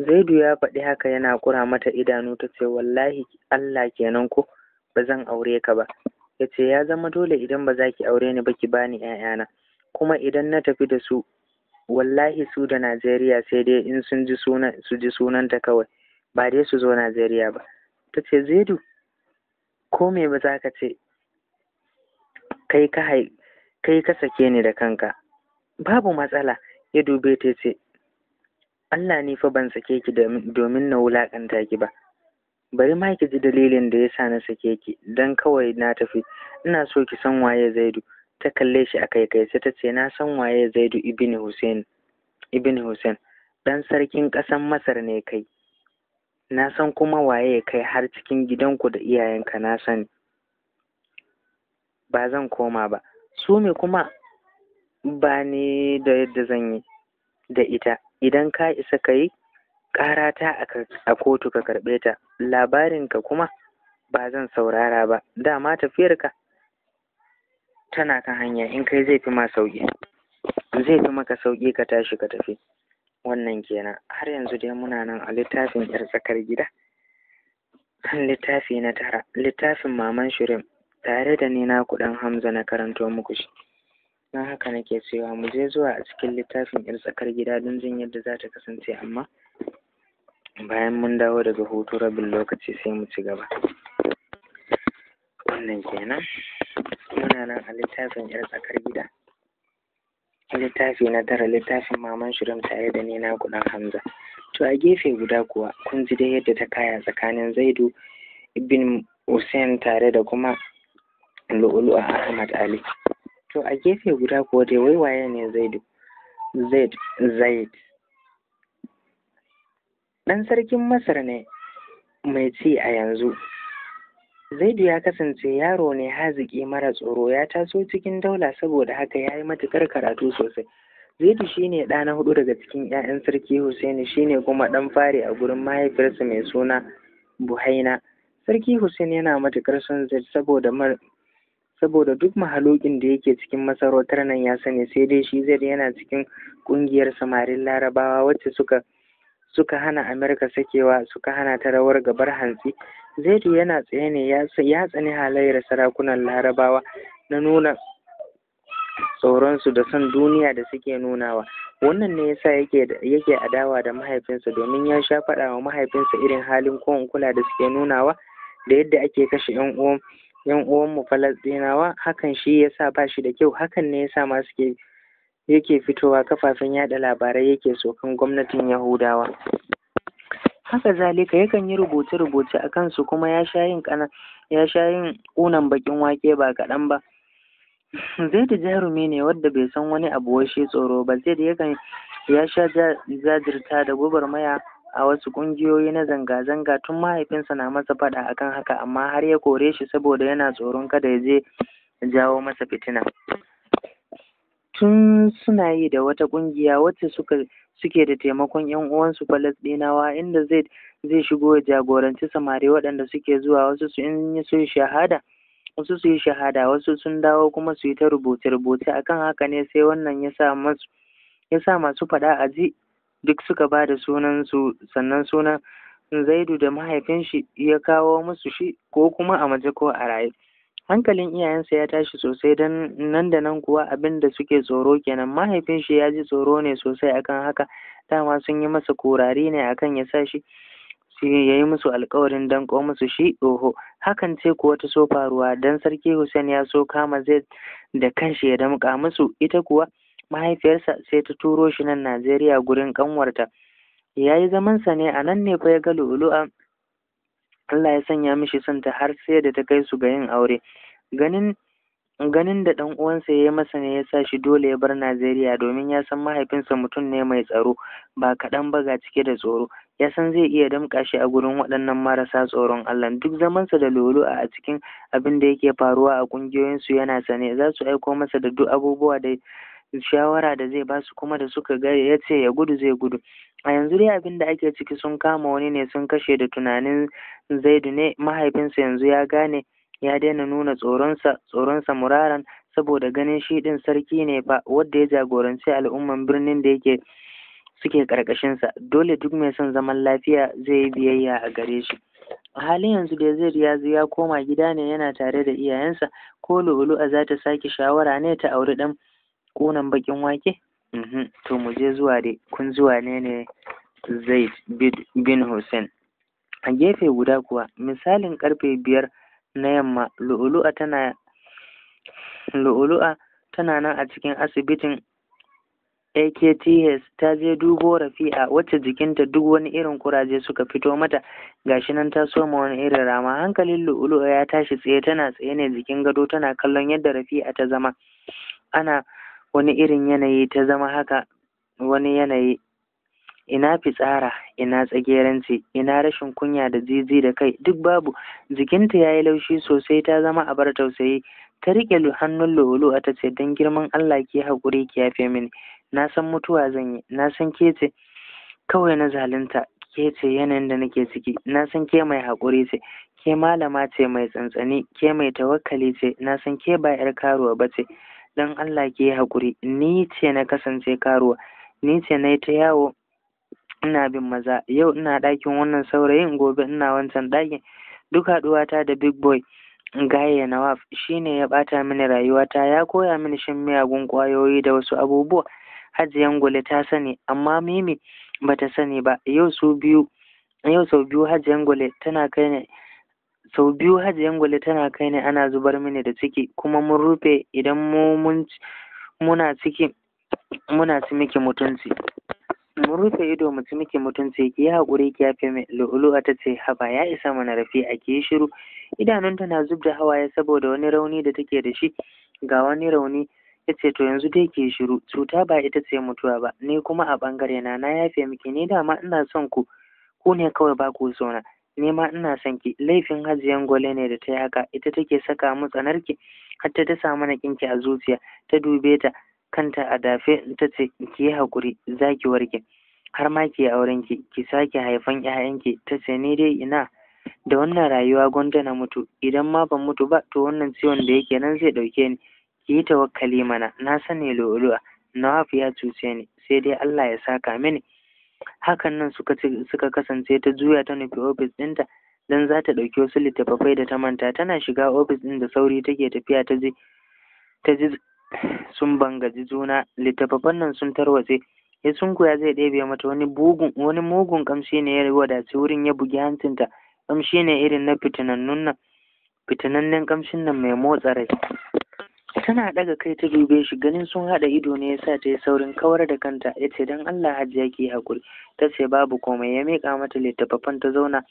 Zaidu ya faɗi haka yana kura mata idanu ta ce wallahi Allah kenan ko ba zan aure ka ba ya ce ya zama dole idan ba za ki aure ni ba ki bani 'ya'yana kuma idan na tafi da su wallahi su da Najeriya sai dai in sun ji sunan su ji sunanta kawai ba dai su zo Najeriya ba ta ce Zaidu ko me ba za ka ce kai ka sake ni da kanka babu matsala ya dube ta ce Allah ni fa ban sake ki domin na wulaƙanta ki ba bari ma ki ji dalilin da ya sa na sake ki Don kawai na tafi ina so ki san waye Zaidu ta kalle shi a kai kai sai ta ce na san waye Zaidu ibn Hussein ibn Hussein dan sarkin ƙasan Masar ne kai na san kuma waye ya kai har cikin gidanku da iyayenka na sani ba zan koma ba su me kuma ba ni da yadda zan yi da ita idan ka isa ka yi ƙara ta a kotu ka karɓe ta labarin ka kuma ba zan saurara ba dama tafiyarka tana kan hanya in kai zai fi ma sauƙi zai fi maka sauƙi ka tashi ka tafi wannan kenan har yanzu dai muna nan a littafin yar tsakar gida littafi na tara littafin maman shirin tare da ni na kuɗin hamza na karanto muku shi don haka nake cewa mu je zuwa a cikin littafin yar tsakar gida don jin yadda za ta kasance amma bayan mun dawo daga hutu rabin lokaci sai mu ci gaba wannan kenan muna nan a littafin yar tsakar gida littafi na tara littafin maman shirin tare da nena kuɗin hamza to a gefe guda kuwa kun ji dai yadda ta kaya tsakanin zaidu ibn hussein tare da kuma lu'ulu'a ahmad ali to a gefe guda kuwa dai waye ne zaidu zaid zaid ɗan sarkin masar ne mai ci a yanzu Zaidu ya kasance yaro ne haziki mara tsoro ya taso cikin daula saboda haka ya yi matukar karatu sosai. Zaidu shi ne ɗa na hudu daga cikin 'ya'yan Sarki Hussaini, shi ne kuma ɗan fari a gurin mahaifiyarsa mai suna Buhaina. Sarki Hussein yana matukar son Zaid saboda mar saboda duk mahalokin da yake cikin masarautar nan ya sani sai dai shi Zaid yana cikin ƙungiyar samarin Larabawa wacce suka suka hana Amerika sakewa suka hana ta rawar gabar hantsi Zaidu yana tsaye ne ya tsani halayyar sarakunan Larabawa na nuna tsoronsu da son duniya da suke nunawa wannan ne yasa yake yake adawa da mahaifinsa domin ya sha faɗa wa mahaifinsa irin halin ko kula da suke nunawa da yadda ake kashe yan uwan yan uwanmu Falastinawa hakan shi yasa ba shi da kyau hakan ne yasa ma suke yake fitowa kafafen yaɗa labarai yake sokan gwamnatin Yahudawa. Haka zalika yakan yi rubuce-rubuce a kansu kuma ya sha yin ya sha ƙunan baƙin wake ba kaɗan ba. da jarumi ne wadda bai san wani abu washe tsoro ba. Zaid yakan ya sha jajirta da maya a wasu ƙungiyoyi na zanga-zanga tun mahaifinsa na masa faɗa akan haka amma har ya kore shi saboda yana tsoron kada ya je jawo masa fitina. tun suna yi da wata ƙungiya wacce suka suke da taimakon 'yan uwansu Falasɗinawa inda Zaid zai shigo ya jagoranci samari waɗanda suke zuwa wasu yi shahada wasu su yi shahada wasu sun dawo kuma su yi ta rubuce-rubuce akan haka ne sai wannan ya sa masu ya sa masu faɗa a ji duk suka ba da sunan sannan sunan Zaidu da mahaifinshi ya kawo musu shi ko kuma a mace ko a raye Hankalin iyayensa ya tashi sosai don nan da nan kuwa abin da suke tsoro kenan. Mahaifin shi ya ji tsoro ne sosai akan haka, dama sun yi masa korari ne akan ya sa shi ya yi musu alkawarin danƙo musu shi oho. Hakan ce kuwa ta so faruwa don Sarki Hussein ya so kama zai da kanshi ya damƙa musu, ita kuwa mahaifiyarsa sai ta turo shi nan Najeriya gurin ƙanwarta. Ya yi zamansa ne a nan ne fa ya ga Lu'ulu'a Allah ya sanya mishi son ta har sai da ta kai su ga yin aure ganin da ɗan uwansa ya yi masa ne ya sa shi dole ya bar Najeriya domin ya san mahaifinsa mutum ne mai tsaro ba kaɗan ba ga cike da tsoro ya san zai iya damƙa shi a gurin waɗannan marasa tsoron Allah duk zamansa da lolo a cikin abin da yake faruwa a ƙungiyoyinsu yana sane za su aiko masa da duk abubuwa da shawara da zai ba su kuma da suka ga ya ce ya gudu zai gudu a yanzu dai abin da ake ciki sun kama wani ne sun kashe da tunanin zaidu ne mahaifinsa yanzu ya gane ya daina nuna tsoronsa tsoronsa muraran saboda ganin shi din sarki ne ba wanda ya jagoranci al'umman birnin da yake suke karkashinsa dole duk mai son zaman lafiya zai yi biyayya a gare shi a halin yanzu da zai riyazu ya koma gida ne yana tare da iyayensa ko lu'ulu'a za ta sake shawara ne ta auri dan ƙonan baƙin wake to mu je zuwa dai kun zuwa ne ne zaid bin hussein a gefe guda kuwa misalin ƙarfe biyar na yamma lu'ulu'a tana lu'ulu'a tana nan a cikin asibitin AKTS ta je dubo Rafi'a wacce jikinta duk wani irin ƙuraje suka fito mata gashi nan ta soma wani irin rama hankalin lu'ulu'a ya tashi tsaye tana tsaye ne jikin gado tana kallon yadda Rafi'a ta zama ana wani irin yanayi ta zama haka wani yanayi ina fitsara ina tsageranci ina rashin kunya da jiji da kai duk babu jikinta ya yi laushi sosai ta zama abar tausayi ta riƙe hannun luu a ta ce don girman allah ki haƙuri ki yafe mini na san mutuwa zan yi na san ke ce kawai na zalunta ke ce yanayin da nake ciki na san ke mai haƙuri ce ke malama ce mai tsantsani ke mai tawakkali ce na san ke ba 'yar karuwa ba ce don Allah ki yi haƙuri ni ce na kasance karuwa ni ce na yi ta yawo ina bin maza yau ina ɗakin wannan saurayin gobe ina wancan ɗakin duk haɗuwata da big boy gaye shi ne ya ɓata mini rayuwata ya koya mini shan miyagun ƙwayoyi da wasu abubuwa hajiyan gole ta sani amma mimi bata sani ba yau sau biyu hajiyan gole tana kai sau biyu hajiyan gwale tana kai ni ana zubar mini da ciki kuma mun rufe idan mu mun muna ciki muna ci miki mutunci mun rufe ido mu ci miki mutunci ki yi haƙuri ki yafe mai lu'ulu'a ta ce haba ya isa mana rafi a ki shiru idanunta na zub da hawaye saboda wani rauni da take da shi ga wani rauni ya ce to yanzu dai ke shiru cuta ba ita ce mutuwa ba ni kuma a ɓangare na na yafe miki ni dama ina son ku ku ne kawai ba ku sona ni ina son ki laifin hajiyan gwale ne da ta yi haka ita take saka mu ki. har ta dasa mana kinki a zuciya ta dube ta kanta a dafe ta ce ki yi hakuri, za ki warke har ma ki yi aurenki ki sake haifan 'ya'yanki. ta ce ni dai ina da wannan rayuwa gwanda na mutu idan ma ban mutu ba to wannan ciwon da yake nan zai ɗauke ni ki yi tawakkali mana na sani loloa nawaf ya cuce ni sai dai Allah ya saka mini hakan nan suka ce suka kasance ta juya ta nufi ofis ɗinta dan za ta ɗauki wasu littattafai da ta manta tana shiga ofis ɗin da sauri take tafiya ta je ta ji sun bangaji juna littattafan nan sun tarwatse ya sunkuya zai ɗebe mata wani bugun wani mugun ƙamshi ne ya wadace wurin ya bugi hancinta ƙamshi ne irin na fitinannun nan fitinannen ƙamshin nan mai motsa rai tana ɗaga kai ta dube shi ganin sun haɗa ido ne yasa ta yi saurin kawar da kanta ya ce don Allah hajiya ki hakuri! ta ce babu komai ya miƙa mata littattafan ta zauna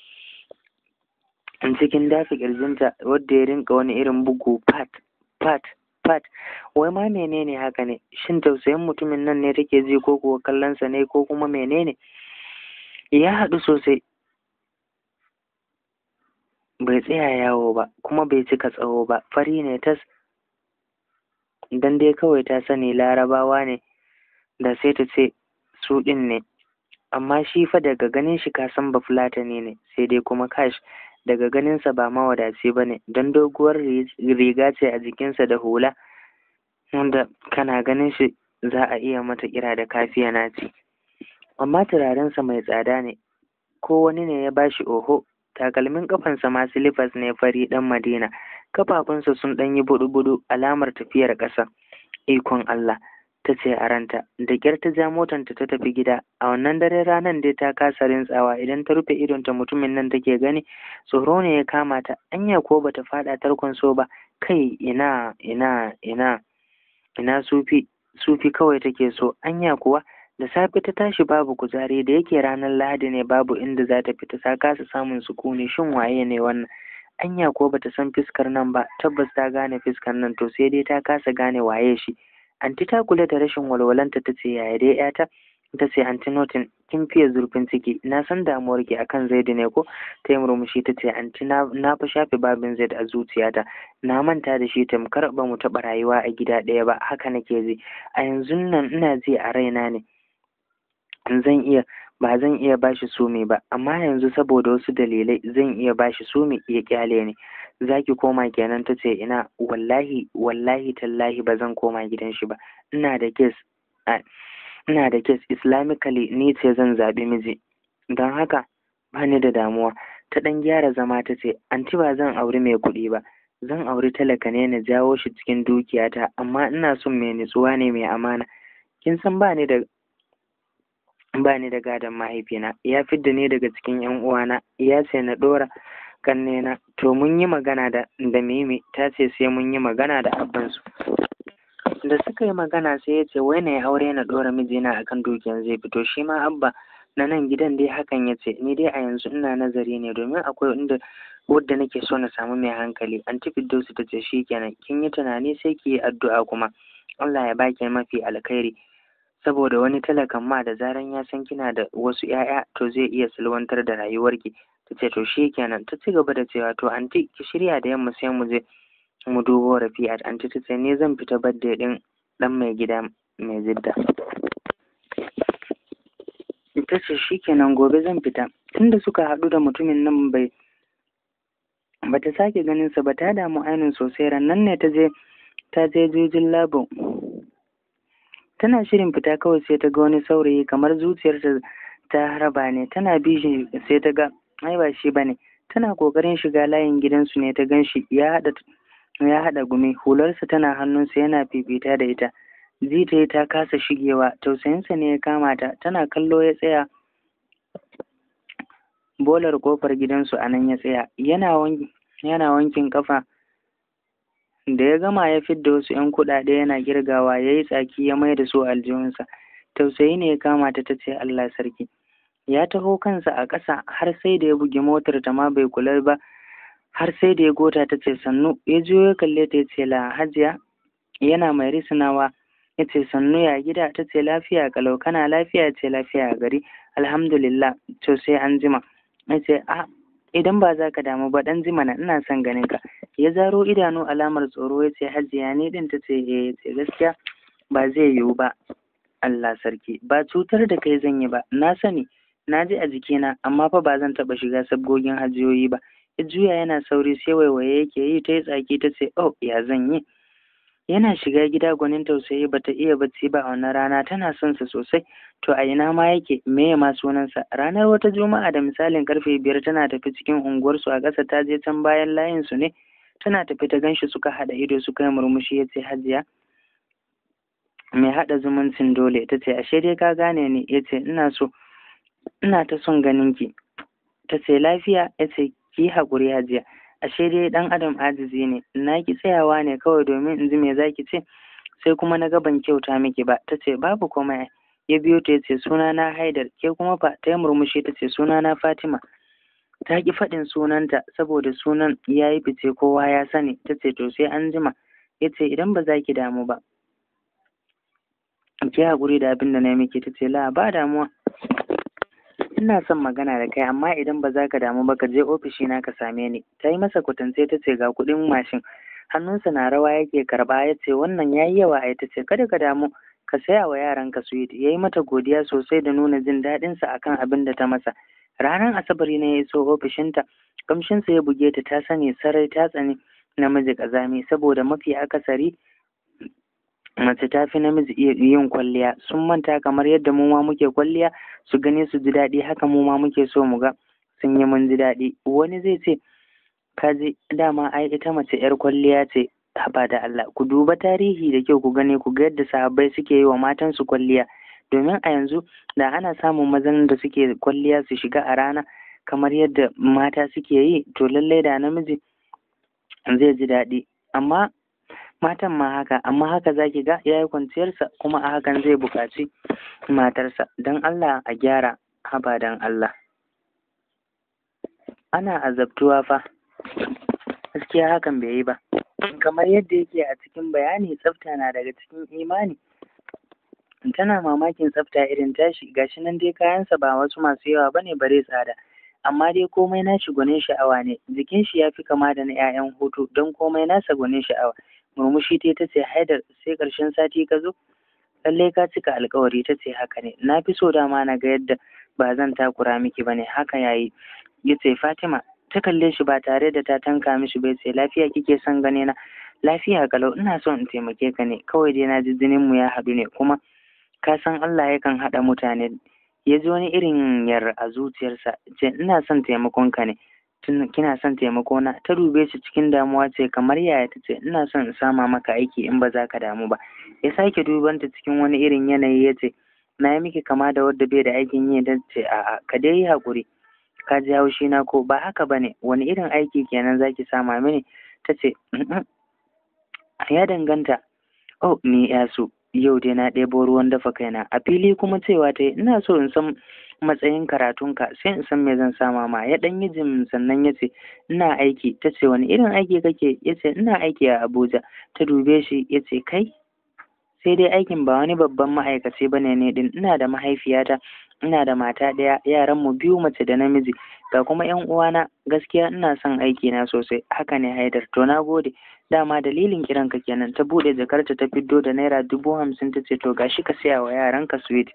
cikin dafi ƙirjinta wadda ya rinka wani irin bugu pat pat pat wai ma menene haka ne shin tausayin mutumin nan ne take ji ko kuwa kallonsa ne ko kuma menene ya haɗu sosai bai tsaya yawo ba kuma bai cika tsawo ba fari ne tas idan dai kawai ta sani larabawa ne da sai ta ce su ɗin ne amma shi fa daga ganin shi ka san bafulatani ne sai dai kuma kash daga ganinsa ba mawadaci ba ne don doguwar riga ce a jikinsa da hula wanda kana ganin shi za a iya mata kira da kafiya naci amma turarensa mai tsada ne ko wani ne ya ba shi oho takalmin kafansa ma silifas ne fari ɗan madina kafafunsa sun ɗan yi buɗu-buɗu alamar tafiyar ƙasa ikon Allah ta ce a ranta da ƙyar ta ja motanta ta tafi gida a wannan dare ranar dai ta kasa rintsawa idan ta rufe idon ta mutumin nan take gani tsoro ne ya kama ta anya ko bata faɗa tarkon so ba kai ina ina ina ina sufi sufi kawai take so anya kuwa da safe ta tashi babu kuzari da yake ranar lahadi ne babu inda za ta fita ta kasa samun sukuni shin waye ne wannan anya ko bata san fuskar nan ba tabbas ta gane fuskar nan to sai dai ta kasa gane waye shi anti ta kula da rashin walwalanta ta ce yaya dai yata ta ce anti notin kin fiye zurfin ciki na san damuwar ki akan zaid ne ko ta yi murmushi ta ce anti na fi shafe babin zaid a zuciyata na manta da shi tamkar ba mu taɓa rayuwa a gida ɗaya ba haka nake ji a yanzu nan ina ji a raina ne zan iya ba zan iya ba bashi sumi ba amma yanzu saboda wasu dalilai zan iya ba bashi sumi ya kyale ni zaki koma kenan tace ina wallahi wallahi tallahi ba zan koma gidan shi ba ina da kes ina islamically ni ce zan zaɓi miji don haka ba ni da damuwa ta ɗan gyara zama ta ce anti ba zan auri mai kuɗi ba zan auri talaka ne na jawo shi cikin dukiyata amma ina son mai nutsuwa ne mai amana kin san ba ni da ba ni da gadon mahaifina ya fidda ni daga cikin yan uwana ya ce na ɗora kannena to mun yi magana da da mimi ta ce sai mun yi magana da abbansu da suka yi magana sai ya ce wai na yi aure na ɗora mijina akan dukiyar zai fito shi ma abba na nan gidan dai hakan ya ce ni dai a yanzu ina nazari ne domin akwai inda wadda nake so na samu mai hankali an tafi dosu ta ce shi kenan kin yi tunani sai ki yi addu'a kuma Allah ya baki mafi alkhairi saboda wani talakan ma da zaran ya san kina da wasu 'ya'ya to zai iya salwantar da rayuwarki ta ce to shi kenan ta ci gaba da cewa to anti ki shirya da yamma sai mu je mu dubo rafi'at anti ta ce ne zan fita birthday din dan mai gida mai zidda ta ce shi kenan gobe zan fita tunda suka haɗu da mutumin nan bai bata sake ganin sa ba ta damu ainin sosai ran nan ne ta je ta je jujin labo tana shirin fita kawai sai ta ga wani saurayi kamar zuciyarta ta haraba ne tana bi sai ta ga ai ba shi bane tana kokarin shiga layin gidansu ne ta gan shi ya haɗa ya hada gumi hularsa tana hannunsa yana fifita da ita zita ta kasa shigewa tausayinsa ne ya kama ta tana kallo ya tsaya bolar kofar gidansu a nan ya tsaya yana wankin kafa da ya gama ya fidda wasu 'yan kuɗaɗe yana girgawa ya yi tsaki ya mai da su a aljihunsa tausayi ne ya kama ta ta ce allah sarki ya taho kansa a ƙasa har sai da ya bugi motar ta ma bai kula ba har sai da ya gota ta ce sannu ya juyo ya kalle ta ya ce la hajiya yana mai risinawa ya ce sannu ya gida ta ce lafiya kalau kana lafiya ce lafiya gari alhamdulillah to sai an jima ya ce a ah, idan ba za ka damu ba dan na, ina son ganin ka ya zaro idanu alamar tsoro ya ce hajiya ne din ta ce eh ce gaskiya ba zai yiwu ba Allah sarki ba cutar da kai zan yi ba na sani na ji a jikina amma fa ba zan taɓa shiga sabgogin hajiyoyi ba ya juya yana sauri sai waiwaye yake yi ta yi tsaki ta ce oh ya zan yi yana shiga gida gwanin tausayi bata iya bacci ba a wannan rana tana son sa sosai to a ina ma yake meye ma sunansa ranar wata juma'a da misalin karfe biyar tana tafi cikin unguwarsu a ƙasa ta je can bayan layin su ne tana tafi ta ganshi suka haɗa ido suka yi murmushi ya ce hajiya mai haɗa zumuncin dole ta ce ashe dai ka gane ni ya ce ina so ina ta son ganin ki ta ce lafiya ya ce ki haƙuri hajiya ashe dai ɗan adam ajizi ne na ki tsayawa ne kawai domin in ji me za ki ce sai kuma na ga ban kyauta miki ba ta ce babu komai ya biyo ta ce suna na haidar ke kuma fa ta yi murmushi ta ce suna na fatima ta ki faɗin sunanta saboda sunan ya yi fice kowa ya sani ta ce to sai an jima ya ce idan ba za ki damu ba ki haƙuri da abin da na yi miki ta ce la ba damuwa ina son magana da kai amma idan ba za ka damu ba ka je ofishina ka same ni ta yi masa kwatance ta ce ga kuɗin mashin hannunsa na rawa yake karba ya ce wannan ya yi yawa ai ta ce kada ka damu ka saya wa yaranka sweet ya yi mata godiya sosai da nuna jin daɗinsa akan abin da ta masa ranar asabar ne ya iso ofishinta kamshinsa ya buge ta ta sani sarai ta tsani namiji kazami saboda mafi akasari mace ta fi namiji iya yin kwalliya sun manta kamar yadda mu ma muke kwalliya su gane su ji daɗi haka mu ma muke so mu ga sun yi mun ji daɗi wani zai ce ka ji dama ai ita mace yar kwalliya ce haba da Allah ku duba tarihi da kyau ku gane ku ga yadda sahabbai suke yi wa matansu kwalliya domin a yanzu da ana samun mazan da suke kwalliya su shiga a rana kamar yadda mata suke yi to lallai da namiji zai ji daɗi amma matan ma haka amma haka zaki ga yayi kwanciyarsa kuma a hakan zai buƙaci matarsa don Allah a gyara haba don Allah ana azabtuwa fa gaskiya hakan bai yi ba kamar yadda yake a cikin bayani tsafta na daga cikin imani tana mamakin tsafta irin tashi gashi nan dai kayansa ba wasu masu yawa bane bare tsada amma dai komai nashi gwanin sha'awa ne jikin shi ya fi kama da na 'ya'yan hutu don komai nasa gwanin sha'awa murmushi ta yi ta ce haidar sai ƙarshen sati ka zo lallai ka cika alƙawari ta ce haka ne na fi so dama na ga yadda ba zan takura miki ba ne haka ya yi, ya ce fatima ta kalle shi ba tare da ta tanka mishi ba ce lafiya kike son gane na lafiya kalau ina son in taimake ka ne kawai dai na ji jinin mu ya haɗu ne kuma ka san Allah yakan haɗa mutane ya ji wani irin yar a zuciyarsa ce ina son taimakon ka ne kina son taimako na ta dube shi cikin damuwa ce kamar yaya ta ce ina son in sama maka aiki in ba za ka damu ba ya sake duban ta cikin wani irin yanayi ya ce na yi miki kama da wadda bai da aikin yi ta ce a'a ka dai yi haƙuri ka ji haushi na ko ba haka ba ne? wani irin aiki kenan za ki sama mini ta ce ya danganta oh ni yasu yau dai na ɗebo ruwan dafa kaina a fili kuma cewa ta ina so in san matsayin karatunka sai in san me zan sa ma ya dan yi jim sannan ya ce ina aiki ta ce wani irin aiki kake ya ce ina aiki a abuja ta dube shi ya ce kai sai dai aikin ba wani babban ma'aikaci ba ne din ina da mahaifiyata ina da mata ɗaya yaran mu biyu mace da namiji ga kuma yan uwana gaskiya ina son aiki na sosai haka ne haidar to na gode dama dalilin kiran ka kenan ta buɗe jakarta ta fiddo da naira dubu hamsin ta ce to gashi ka siya wa yaranka sweet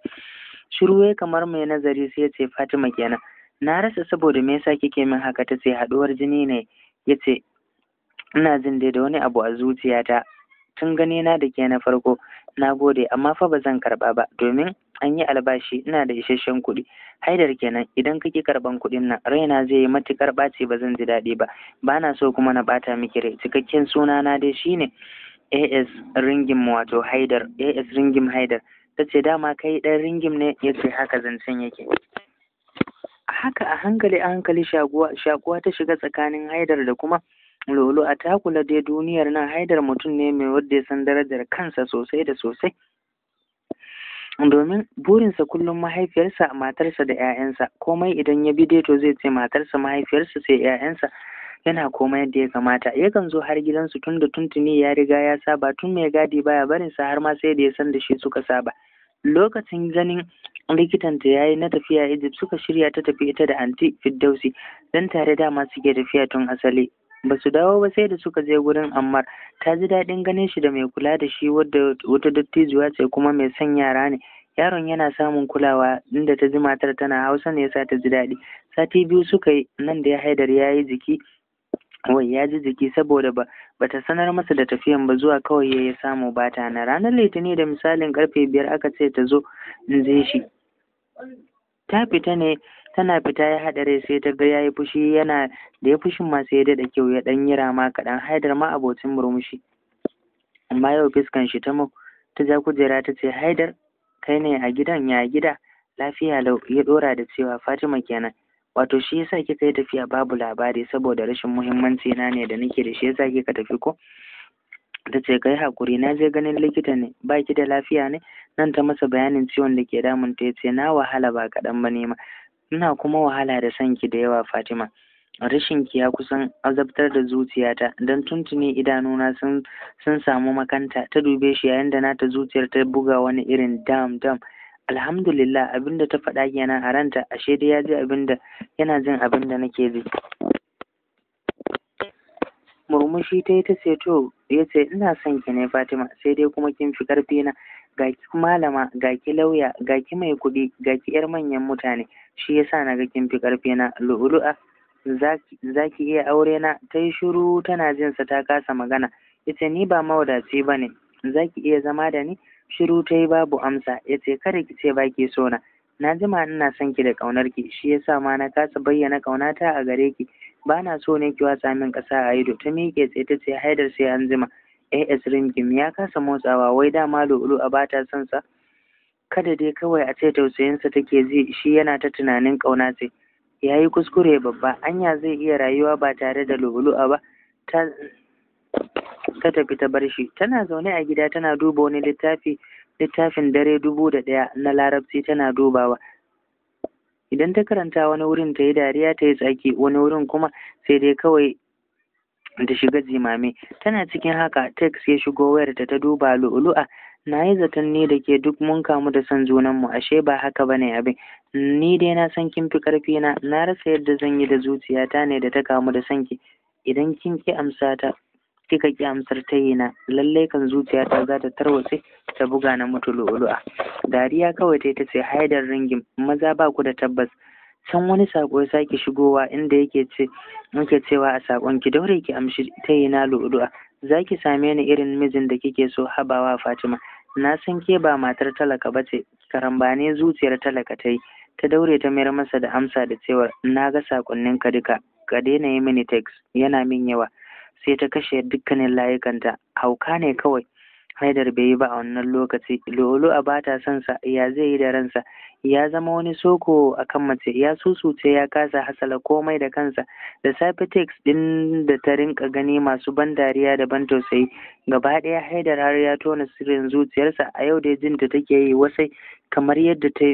shiru ya kamar mai nazari sai ya ce Fatima kenan na rasa saboda me yasa kike min haka ta ce haduwar jini ne yace ina jin dai da wani abu a zuciyata tun gani na da ke na farko na gode amma fa ba zan karba ba domin an yi albashi ina da isasshen kuɗi haidar kenan idan kake karban kuɗin nan raina zai yi matukar ɓaci ba zan ji daɗi ba ba na so kuma na ɓata miki rai cikakken sunana dai shine as ringim wato haidar as ringin haidar ta ce dama kai ɗan ringim ne ya ce haka zancen yake a haka a hankali a hankali shakuwa ta shiga tsakanin haidar da kuma lolo a takula dai duniyar nan haidar mutum ne mai wadda ya san darajar kansa sosai da sosai domin burinsa kullum mahaifiyarsa matarsa da 'ya'yansa komai idan ya bi to zai ce matarsa mahaifiyarsa sai 'ya'yansa yana komai yadda ya kamata yakan zo har gidansu tun da tuntuni ya riga ya saba tun mai gadi baya barinsa har ma sai da ya san da shi suka saba lokacin ganin likitanta ya yi na tafiya Egypt suka shirya ta tafi ita da anti Fiddausi dan tare dama suke tafiya tun asali ba su dawo ba sai da suka je gurin Ammar ta ji daɗin ganin shi da mai kula da shi wadda wata dattijuwa ce kuma mai son yara ne yaron yana samun kulawa inda ta ji matar tana Hausa ne yasa ta ji daɗi sati biyu suka yi nan da ya haidar ya yi jiki wai ya ji jiki saboda ba bata sanar masa da tafiyan ba zuwa kawai ya samu bata na ranar litinin da misalin karfe biyar aka ce ta zo in je shi ta fita ne tana fita ya haɗa rai sai ta ga yayi fushi yana da ya fushin masu yadda ya daɗa kyau ya ɗan yi rama kaɗan haidar ma abocin murmushi amma yau fuskan shi ta mau ta ja kujera ta ce haidar kai ne a gidan ya gida lafiya lau ya ɗora da cewa fatima kenan wato shi yasa kika yi tafiya babu labari saboda rashin muhimmanci na ne da nake da shi yasa kika tafi ko ta ce kai hakuri na je ganin likita ne ba ki da lafiya ne nan ta masa bayanin ciwon da ke damun ta yace na wahala ba kaɗan ba ne ma ina kuma wahala da sanki ki da yawa Fatima rashin ki ya kusan azabtar da zuciyata don tuntuni idanuna sun sun samu makanta ta dube shi yayin da na ta zuciyar ta buga wani irin dam dam alhamdulillah abinda ta faɗa kenan a ranta ashe dai ya ji abinda yana jin abinda nake ji murmushi ta yi ta ce to ya ce ina son ki ne Fatima sai dai kuma kin fi karfi na ga ki malama ga ki lauya ga ki mai kuɗi ga ki yar manyan mutane shi ya sa na ga kin fi karfi na lu'ulu'a za ki iya aure na ta yi shiru tana jinsa ta kasa magana ita ni ba mawadaci ba ne za ki iya zama da ni shiru ta yi babu amsa ya ce kada ki ce baki so na na jima ina son ki da ƙaunar ki shi yasa ma na kasa bayyana ƙaunata a gare ki ba na so ne ki watsa min ƙasa a ido ta miƙe tsaye ta ce haidar sai an jima as eh, ya kasa motsawa wai dama lulu a bata son sa kada dai kawai a ce tausayinsa take ji shi yana ta tunanin ƙauna ce ya yi kuskure babba anya zai iya rayuwa ba tare da a ba ta ta tafi ta bar shi tana zaune a gida tana duba wani littafi littafin dare dubu da ɗaya na larabci tana dubawa idan ta karanta wani wurin ta yi dariya ta yi tsaki wani wurin kuma sai dai kawai ta shiga jimame. tana cikin haka tex ya shigo wayarta ta duba lu'ulu'a na yi zaton ni da ke duk mun kamu da son mu ashe ba haka ba ne abin ni dai na san kin fi karfi na na rasa yadda zan yi da zuciyata ne da ta kamu da sanki idan kin ki amsa ta kika ki amsar ta yi na. lallai kan zuciyata za ta tarwatse ta buga na mutu lu'ulu'a dariya kawai ta ta ce haidar ringin. maza ba ku da tabbas can wani sako ya sake shigowa inda yake ce muke cewa a sakon ki daure ki amshi ta yi na lu'ulu'a za ki same ni irin mijin da kike so habawa fatima na san ke ba matar talaka ba ce karambane zuciyar talaka ta yi ta daure ta mayar masa da amsa da cewa na ga sakonninka duka ka daina yi mini text yana min yawa sai ta kashe dukkanin layukanta hauka ne kawai haidar bai yi ba a wannan lokaci lolo a bata son sa ya zai yi da ransa ya zama wani soko a kan mace ya susuce ya kasa hasala komai da kansa da safe text din da ta rinka gani masu ban dariya da ban tausayi gaba ɗaya haidar har ya tona sirrin zuciyarsa a yau da jin da take yi wasai kamar yadda ta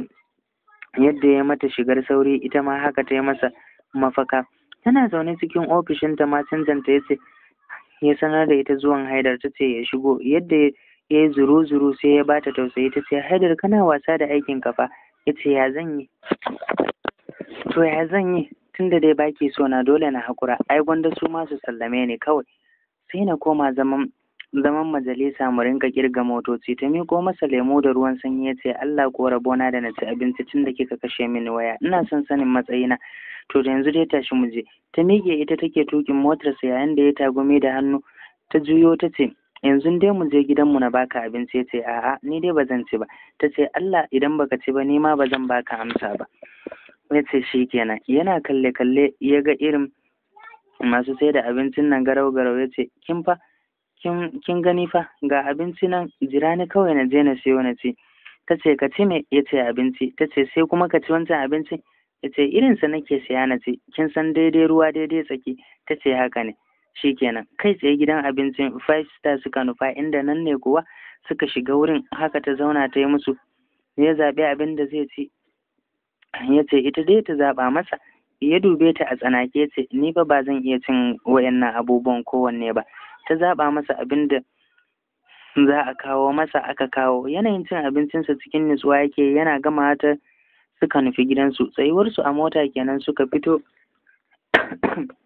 yadda ya mata shigar sauri ita ma haka ta yi masa mafaka tana zaune cikin ofishin masinjan ta yace ya sanar da ita zuwan haidar ta ya shigo yadda ya yi zuru-zuru sai ya bata tausayi ta ce haidar kana wasa da aikin kafa ya ce ya zan yi to ya zan yi tunda dai baki so na dole na hakura ai gwanda su ma su sallame ni kawai sai na koma zaman zaman majalisa mu rinka kirga motoci ta miko masa lemo da ruwan sanyi ya ce Allah ko rabona da na ci abinci tun da kika kashe mini waya ina son sanin matsayina to da yanzu dai tashi mu je ta miƙe ita take tukin motarsa yayin da ya tagumi da hannu ta juyo ta ce yanzu dai mu je gidanmu na baka abinci ya ce a'a ni dai ba zan ci ba ta ce Allah idan baka ci ba ni ma ba zan baka amsa ba ya ce kenan, yana kalle kalle ya ga irin masu sai da abincin nan garau garau ya ce kin fa kin gani fa ga abinci nan jira ni kawai na je na siyo na ci ta ce ka ci me ya ce abinci ta ce sai kuma ka ci wancan abincin ya ce irinsa nake siya na ci kin san daidai ruwa daidai tsaki ta ce haka ne Shi kenan, kai tsaye gidan abincin five star suka nufa inda nan ne kuwa suka shiga wurin haka ta zauna ta yi musu ya zaɓi abin da zai ci ya ce ita dai ta zaɓa masa ya dube ta a tsanake ce ni fa ba zan iya cin wayannan abubuwan kowanne ba ta zaɓa masa abin da za a kawo masa aka kawo yanayin cin abincinsa cikin nutsuwa yake yana gama ta suka nufi gidansu tsayuwarsu a mota kenan suka fito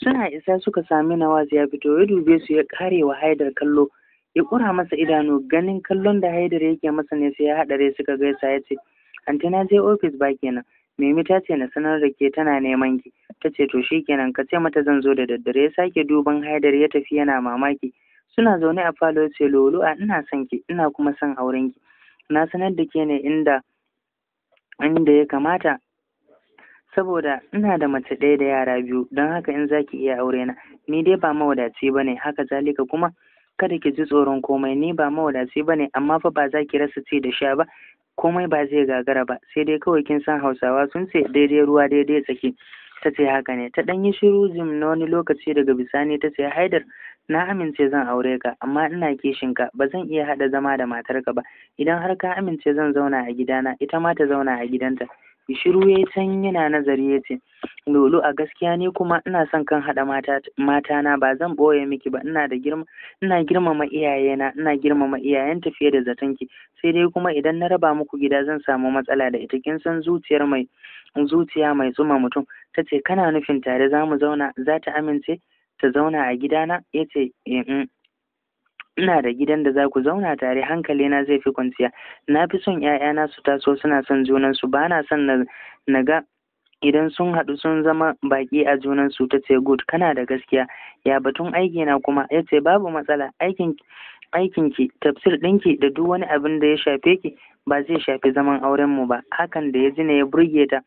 suna isa suka sami nawaz ya fito ya dube su ya kare wa haidar kallo ya kura masa idanu ganin kallon da haidar yake masa ne sai ya haɗare suka gaisa ya ce anti na je ofis ba kenan Mimi ta ce na sanar da ke tana neman ki. Ta ce to kenan ka ce mata zan zo da daddare ya sake duban Haidar ya tafi yana mamaki. Suna zaune a falo ya ce a ina son ki ina kuma son auren ki. Na sanar da ke ne inda inda ya kamata saboda ina da mace ɗaya da yara biyu don haka in za ki iya aure na ni dai ba mawadaci ba ne haka zalika kuma kada ki ji tsoron komai ni ba mawadaci ba ne amma fa ba za ki rasa ci da sha ba komai ba zai gagara ba sai dai kawai kin san hausawa sun ce daidai ruwa daidai tsaki ta ce haka ne ta ɗan yi shiru jim na wani lokaci daga bisani ta ce haidar na amince zan aure ka amma ina kishin ka, ba zan iya haɗa zama da matarka ba idan har ka amince zan zauna a gidana ita ma ta zauna a gidanta shiru ya can yana nazari ya ce lolo a gaskiya ni kuma ina son kan haɗa mata na ba zan ɓoye miki ba ina da girma ina girmama iyayena ina girmama iyayen fiye da zatonki sai dai kuma idan na raba muku gida zan samu matsala da ita kin san zuciyar mai zuciya mai tsuma mutum ta ce kana nufin tare za mu zauna za ta amince ta zauna a gidana ya ce eh, mm. ina da gidan da za ku zauna tare hankali na zai fi kwanciya na fi son ‘ya'yana su taso suna son junansu ba na son na ga idan sun haɗu sun zama baƙi a junansu ta ce good kana da gaskiya ya batun aiki na kuma ya ce babu matsala aikin aikinki tafsir ɗinki da duk wani abin da ya shafe ki ba zai shafi zaman auren mu ba hakan da ya ji ne ya burge ta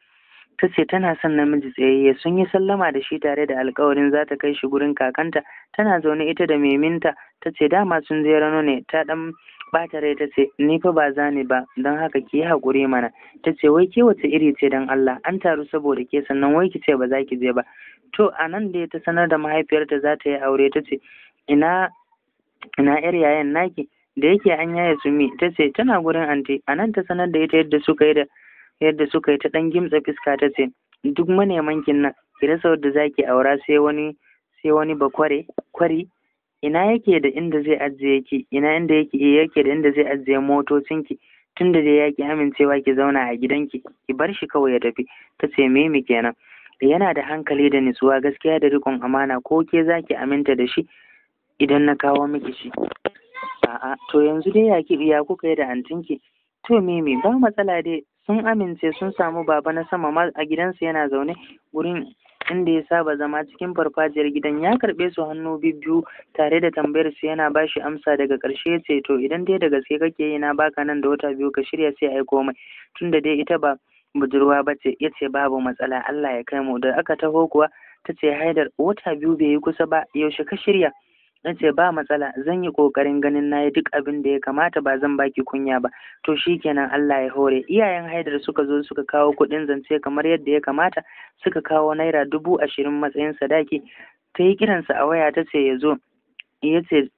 ta ce tana son namiji tsayayye sun yi sallama da shi tare da alkawarin za ta kai shi gurin kakanta tana zaune ita da meminta ta ce dama sun je rano ne ta dan bata rai ta ce ni fa ba za ni ba don haka ki yi haƙuri mana ta ce wai ke wace iri ce don Allah an taru saboda ke sannan wai ki ce ba za ki je ba to a nan da ta sanar da mahaifiyarta za ta yi aure ta ce ina ina yar yayan naki da yake an yaya sumi ta ce tana gurin anti a nan ta sanar da ita yadda suka yi da yadda suka yi ta ɗan gimtsa fuska ta ce duk maneman kin nan ki rasa wadda zaki aura sai wani sai wani bakware kwari ina yake da inda zai ajiye ki ina inda yake eh, yake da inda zai ajiye motocin ki tunda dai yaki amincewa ki zauna a gidan ki ki bar shi kawai ya tafi ta ce mimi kenan yana da hankali da nutsuwa gaskiya da riƙon amana ko ke zaki aminta da shi idan na kawo miki shi a'a to yanzu dai ya kuka yi da antinki to me ba matsala dai sun amince sun samu baba na sama ma a gidansa yana zaune Wurin, inda ya saba zama cikin farfajiyar gidan ya karɓe su hannu biyu tare da tambayar su yana ba shi amsa daga ƙarshe ya ce to idan dai da gaske kake yi na baka nan da wata biyu ka shirya sai ai komai tunda dai ita ba budurwa ba ce ya ce babu matsala Allah ya kai mu da aka taho kuwa ta ce haidar wata biyu bai yi kusa ba yaushe ka shirya na ce ba matsala zan yi ƙoƙarin ganin na yi duk abin da ya kamata ba zan baki kunya ba to shi kenan Allah ya hore iyayen haidar suka zo suka kawo kuɗin zance kamar yadda ya kamata suka kawo naira dubu ashirin matsayin sadaki ta yi kiransa a waya ta ce ya zo ya ce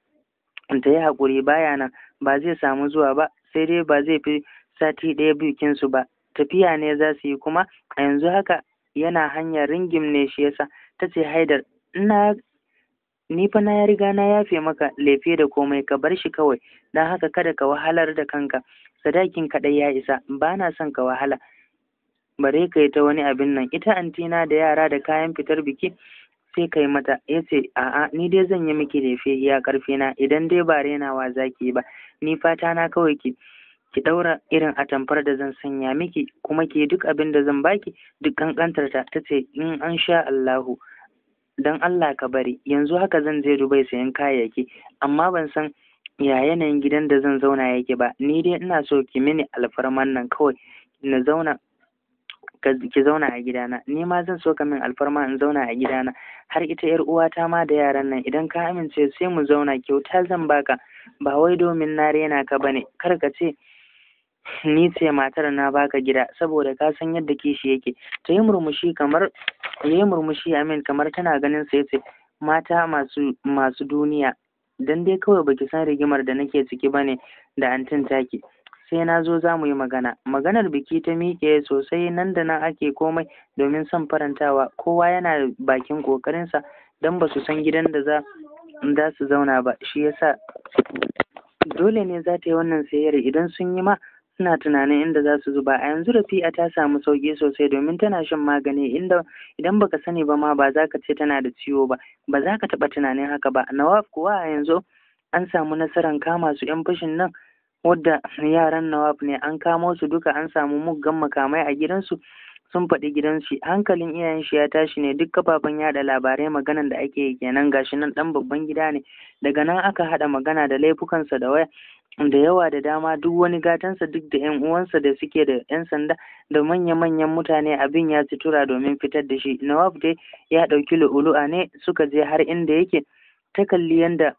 ta yi haƙuri baya nan ba zai samu zuwa ba sai dai ba zai fi sati ɗaya bikinsu ba tafiya ne za su yi kuma a yanzu haka yana hanyar ringim ne shi yasa ta ce haidar ina. ni fa na riga na yafe maka lefe da komai ka bar shi kawai don haka kada ka wahalar da kanka sadakin kaɗai ya isa ba na son ka wahala bare ka yi ta wani abin nan ita antina da yara da kayan fitar biki sai ka yi mata yace ce a'a ni dai zan yi miki lefe ya karfe na idan dai ba renawa zaki ba ni fata na kawai ki ki ɗaura irin atamfar da zan sanya miki kuma ki duk abin da zan baki duk ƙanƙantarta ta ce in mm, an sha Allahu don Allah ka bari yanzu haka zan je Dubai sayan kayayyaki amma ban san ya yanayin gidan da zan zauna yake ba ni dai ina so ki mini alfarman nan kawai na zauna ki zauna a gidana ni ma zan so ka min alfarma in zauna a gidana har ita yar uwata ma da yaran nan idan ka amince sai mu zauna kyauta zan baka ba wai domin na rena ka bane kar ka ce ni ce matar na baka gida saboda ka san yadda kishi yake ta yi murmushi kamar yi murmushi amin kamar tana ganin sa yace mata masu masu duniya dan dai kawai baki san rigimar da nake ciki bane da antin taki sai na zo za mu yi magana maganar biki ta miƙe sosai nan da nan ake komai domin son farantawa kowa yana bakin ƙoƙarinsa don ba su san gidan da za su zauna ba shi yasa dole ne za ta yi wannan sayar idan sun yi ma ina tunanin inda za su zuba a yanzu rafi'a ta samu sauki sosai domin tana shan magani inda idan baka sani ba ma ba za ka ce tana da ciwo ba ba za ka taɓa tunanin haka ba nawaf kuwa a yanzu an samu nasarar kama su yan fashin nan wadda yaran nawaf ne an kamo su duka an samu muggan makamai a gidansu sun faɗi gidansu hankalin iyayen shi ya tashi ne duk kafafen yada labarai maganan da ake yi kenan gashi nan dan babban gida ne daga nan aka haɗa magana da laifukansa da waya da yawa da dama duk wani gatansa duk da yan uwansa da suke da yan sanda da manya-manyan mutane abin ya tura domin fitar da shi nawab dai ya ɗauki lu'ulu'a ne suka je har inda yake ta kalli yadda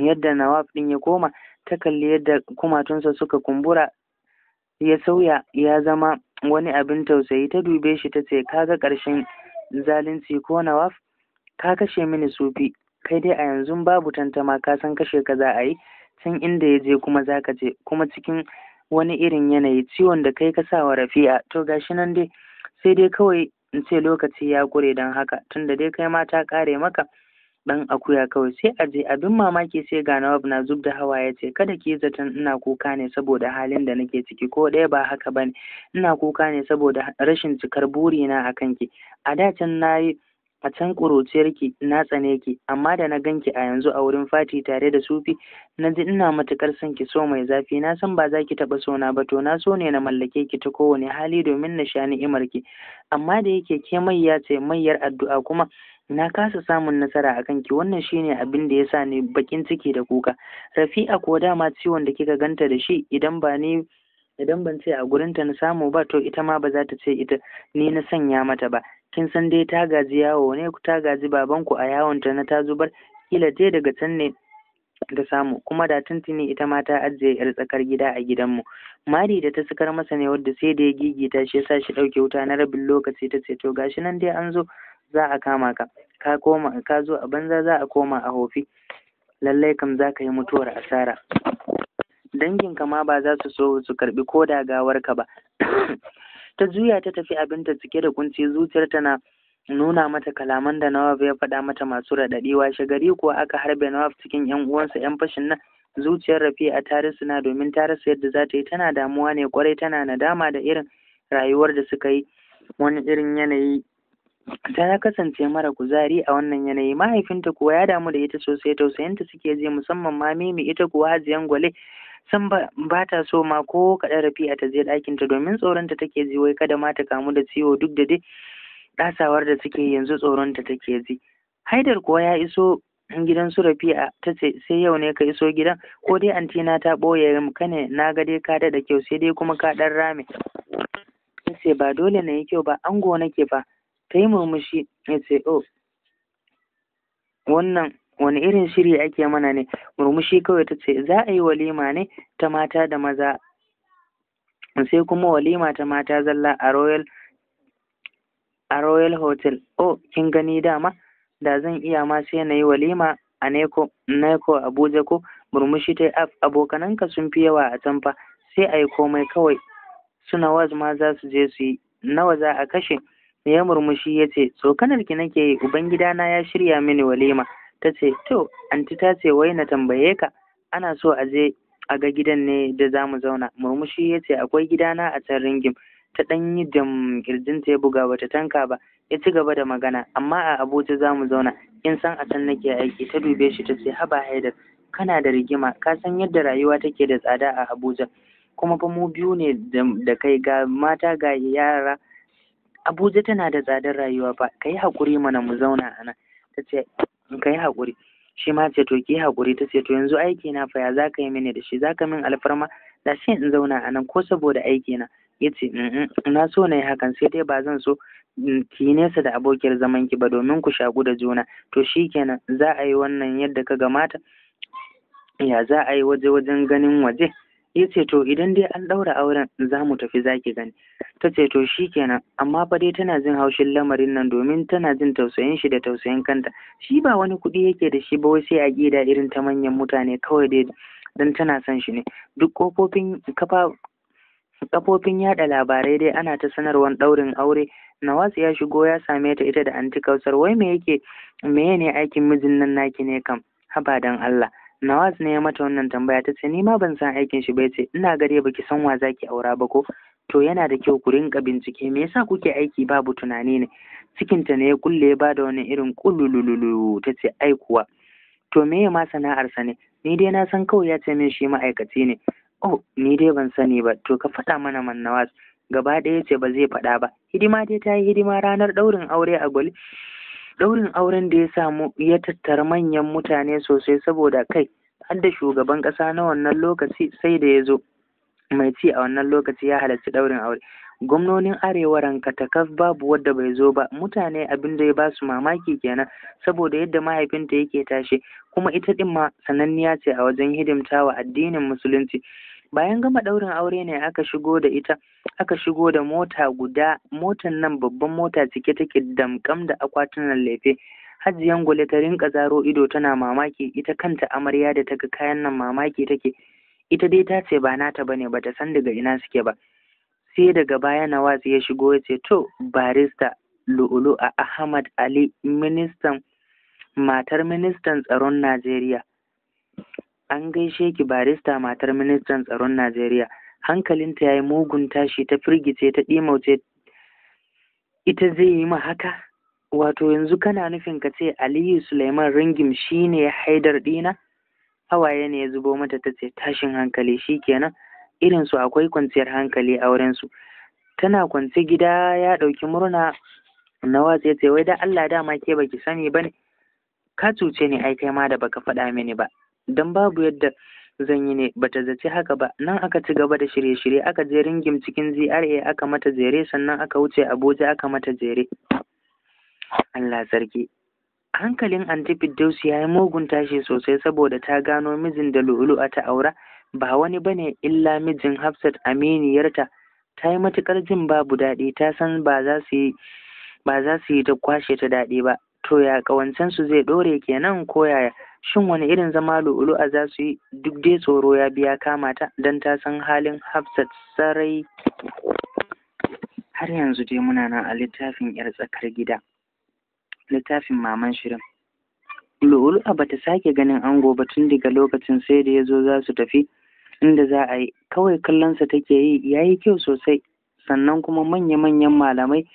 yadda nawab ɗin ya koma ta kalli yadda kumatunsa suka kumbura ya sauya ya zama wani abin tausayi ta dube shi ta ce kaga ƙarshen zalunci ko nawaf ka kashe mini sufi kai dai a yanzu babu tantama ka san kashe ka za a yi can inda ya je kuma za ka je kuma cikin wani irin yanayi ciwon da kai ka sa wa rafi'a to gashi nan dai sai dai kawai in ce lokaci ya kure don haka tunda dai kai ma ta ƙare maka Dan akuya kawai sai a je abin mamaki sai ga nawab na zub da hawa ya ce kada ki zaton ina kuka ne saboda halin da nake ciki ko ɗaya ba haka bane ina kuka ne saboda rashin cikar burina a ki. a da can na yi a can ƙuruciyarki na tsane ki amma da na ganki a yanzu a wurin fati tare da sufi na ji ina matuƙar son ki so mai zafi na san ba za ki taɓa sona ba to na so ne na mallake ki ta kowane hali domin na sha ni'imar ki amma da yake ke mayya ce mayyar addu'a kuma na kasa samun nasara a kanki wannan shine abin da ya sa ni bakin ciki da kuka rafi'a ko dama ciwon da kika ganta da shi idan ba ni idan ban ce a gurinta na samu ba to ita ma ba za ta ce ita ni na sanya mata ba kin san dai ta gaji yawo ne ta gaji babanku a yawonta na ta zubar kila dai daga can ne ta samu kuma da tuntuni ita ma ta ajiye yar tsakar gida a gidanmu mari da ta sukar masa ne wadda sai da ya gigita shi yasa shi ɗauke wuta na rabin lokaci ta ce to gashi nan dai an zo za a kama ka ka koma ka zo a banza za a koma a hofi lallai kam za ka yi mutuwar asara danginka ma ba za su so su karɓi ko da gawarka ba ta juya ta tafi abinta cike da kunci zuciyar na nuna mata kalaman da Nawab ya faɗa mata masu raɗaɗi washe gari kuwa aka harbe Nawab cikin ƴan uwansa ƴan fashin nan zuciyar Rafi a tarisuna domin ta rasa yadda za ta yi tana damuwa ne kwarai tana nadama da irin rayuwar da suka yi wani irin yanayi ta kasance mara kuzari a wannan yanayi mahaifinta kuwa ya damu da ita sosai tausayinta suke ji musamman ma Mimi ita kuwa Hajiyan Gwale sun ba ta so ma ko kaɗan rafi'a ta je ɗakinta domin tsoronta take ji wai kada ma ta kamu da ciwo duk da dai ɗasawar da suke yanzu tsoronta take ji haidar kuwa ya iso gidan su rafi'a ta ce sai yau ne ka iso gidan ko dai antina ta ɓoye ka ne na ga dai ka daɗa kyau sai dai kuma ka ɗan rame ta ce ba dole na yi kyau ba ango nake ba ta yi murmushi ya ce oh wannan wani irin shiri ake mana ne murmushi kawai ta ce za a yi walima ne ta mata da maza sai kuma walima ta mata zalla a royal a royal hotel oh kin gani dama da zan iya ma sai na yi walima a neko neko abuja ko murmushi ta yi abokananka sun fi yawa a can fa sai a yi komai kawai suna waz ma za su je su yi nawa za a kashe ya murmushi ya ce tsokanar ki nake yi ubangidana ya shirya mini walima ta ce to anti ta ce wai na tambaye ka ana so a je a ga gidan ne da za mu zauna murmushi ya ce akwai gidana a can ringim ta ɗan yi dam kirjinta ya buga bata tanka ba ya ci gaba da magana amma a abuja za mu zauna in san a can nake aiki ta dube shi ta ce haba haidar kana da rigima ka san yadda rayuwa take da tsada a abuja kuma fa mu biyu ne da kai ga mata ga yara abuja tana da tsadar rayuwa fa ka yi haƙuri mana mu zauna a nan ka yi haƙuri shi ma ce to ki yi haƙuri ta ce to yanzu aiki na fa ya za ka yi mini da shi za ka min alfarma da shi in zauna a nan ko saboda aiki na ya ce na so na yi hakan sai dai ba zan so ki nesa da abokiyar zaman ki ba domin ku shaƙu da juna to shi kenan za a yi wannan yadda ka gamata ya za a yi waje wajen ganin waje ya ce to idan dai an ɗaura auren za mu tafi zaki gani ta ce to shi kenan amma fa dai tana jin haushin lamarin nan domin tana jin tausayin shi da tausayin kanta shi ba wani kuɗi yake da shi ba wai sai a ƙida irin ta manyan mutane kawai dai dan tana son shi ne duk kofofin kafa kafofin yada labarai dai ana ta sanarwar ɗaurin aure Nawaz ya shigo ya same ta ita da anti kausar wai me yake meye ne aikin mijin nan naki ne kam haba dan Allah Nawaz ne ya mata wannan tambaya ta ce ni ma ban san aikin shi ba ya ce ina ba ki san wa zaki aura ba ko to yana da kyau ku rinka bincike me yasa kuke aiki babu tunani ne cikinta ne ya kulle ya bada wani irin kullululu ta ce ai kuwa to me ya ma sana'arsa ne ni dai na san kawai ya ce min shi ma'aikaci ne oh ni dai ban sani ba to ka faɗa mana man Nawaz gaba ɗaya ce ba zai faɗa ba hidima dai ta yi hidima ranar ɗaurin aure a gwali. Daurin auren da ya samu ya tattara manyan mutane sosai saboda kai har da shugaban ƙasa na wannan lokaci sai da ya zo mai ci a wannan lokaci ya halarci daurin aure gwamnonin arewa rankatakaf babu wadda bai zo ba mutane abin da ya ba su mamaki kenan saboda yadda mahaifinta yake tashe, kuma ita ɗin ma sananniya ce a wajen hidimta wa addinin musulunci bayan gama ɗaurin aure ne aka shigo da ita aka shigo da mota guda motan nan babban mota cike take damkam da akwatunan lefe hajiyan gwale ta rinka zaro ido tana mamaki ita kanta amarya da taga kayan nan mamaki take ita dai ta ce ba nata bane bata san daga ina suke ba sai daga baya nawaz ya shigo ya ce to barista lu'ulu a ahmad ali ministan matar ministan tsaron najeriya an gaishe ki barista matar ministan tsaron Najeriya hankalinta ya yi mugun tashi ta firgice ta ɗimauce ita zai yi ma haka wato yanzu kana nufin ka ce Aliyu Suleiman Ringim shine ya haidar ɗina hawaye ne ya zubo mata ta ce tashin hankali shikenan irin su akwai kwanciyar hankali a wurin tana kwance gida ya ɗauki murna na watsa ya ce wai da Allah dama ke baki sani bane ka cuce ni ai kai ma da baka faɗa mini ba don babu yadda zan yi ne ta zaci haka ba nan aka ci gaba da shirye-shirye aka je ringim cikin GRA aka mata jere sannan aka wuce Abuja aka mata jere Allah sarki hankalin antipid dausi ya yi mugun tashi sosai saboda ta gano mijin da a ta aura ba wani bane illa mijin Hafsat aminiyarta ta yi matukar jin babu daɗi ta san ba za su yi ba ta kwashe ta daɗi ba to ya ƙawancensu zai ɗore kenan ko yaya shin wani irin zama lu'ulu'a za su yi duk dai tsoro ya biya kama ta don ta san halin hafsat sarai har yanzu dai muna nan a littafin yar tsakar gida littafin maman shirin lu'ulu'a bata sake ganin ango ba tun daga lokacin sai da ya zo za su tafi inda za a yi kawai kallonsa take yi ya yi kyau sosai sannan kuma manya-manyan malamai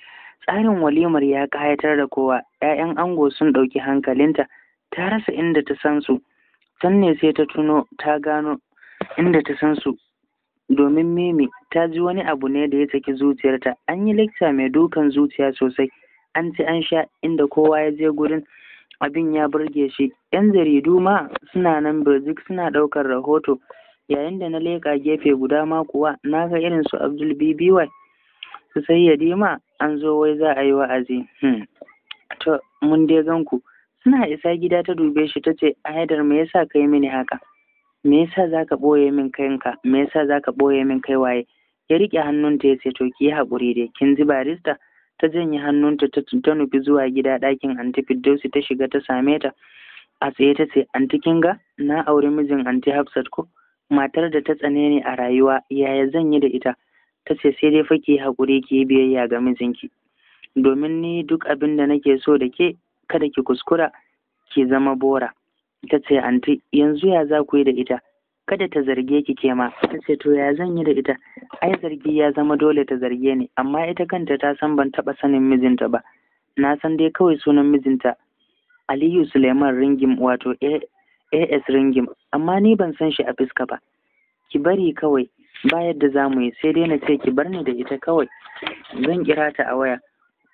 tsarin walimar ya ƙayatar da kowa 'ya'yan ango sun ɗauki hankalinta ta rasa inda ta san su can ne sai ta tuno ta gano inda ta san su domin mimi ta ji wani abu ne da ya saki zuciyarta an yi lecture mai dukan zuciya sosai an ci an sha inda kowa ya je gurin abin ya burge shi yan jaridu ma suna nan birjik suna ɗaukar rahoto yayin da na leka gefe guda ma kuwa na ga irin su abdul bby su sai yadima an zo wai za a yi wa'azi hmm. to mun dai ganku suna isa gida ta dube shi ta ce a haidar me yasa ka yi mini haka me yasa za ka ɓoye min kanka me yasa za ka ɓoye min kai waye ya riƙe hannunta ya ce to ki yi haƙuri dai kin ji barista ta janye hannunta ta nufi zuwa gida ɗakin anti firdausi ta shiga ta same ta a tsaye ta ce anti kinga na auri mijin anti hafsat ko matar da ta tsane ni a rayuwa yaya zan yi da ita ta ce sai dai fa ki yi haƙuri ki yi biyayya ga mijinki domin ni duk abin da nake so da ke kada ki kuskura ki zama bora Ita ce anti yanzu ya za ku yi da ita kada ta zarge ki ke ma ta ce to ya zan yi da ita ai zargi ya zama dole ta zarge ni amma ita kanta ta san ban taɓa sanin mijinta ba na san dai kawai sunan mijinta aliyu suleiman ringim wato as ringim amma ni ban san shi a fiska ba ki bari kawai ba yadda za mu yi sai dai na ce ki bar ni da ita kawai zan kira ta a waya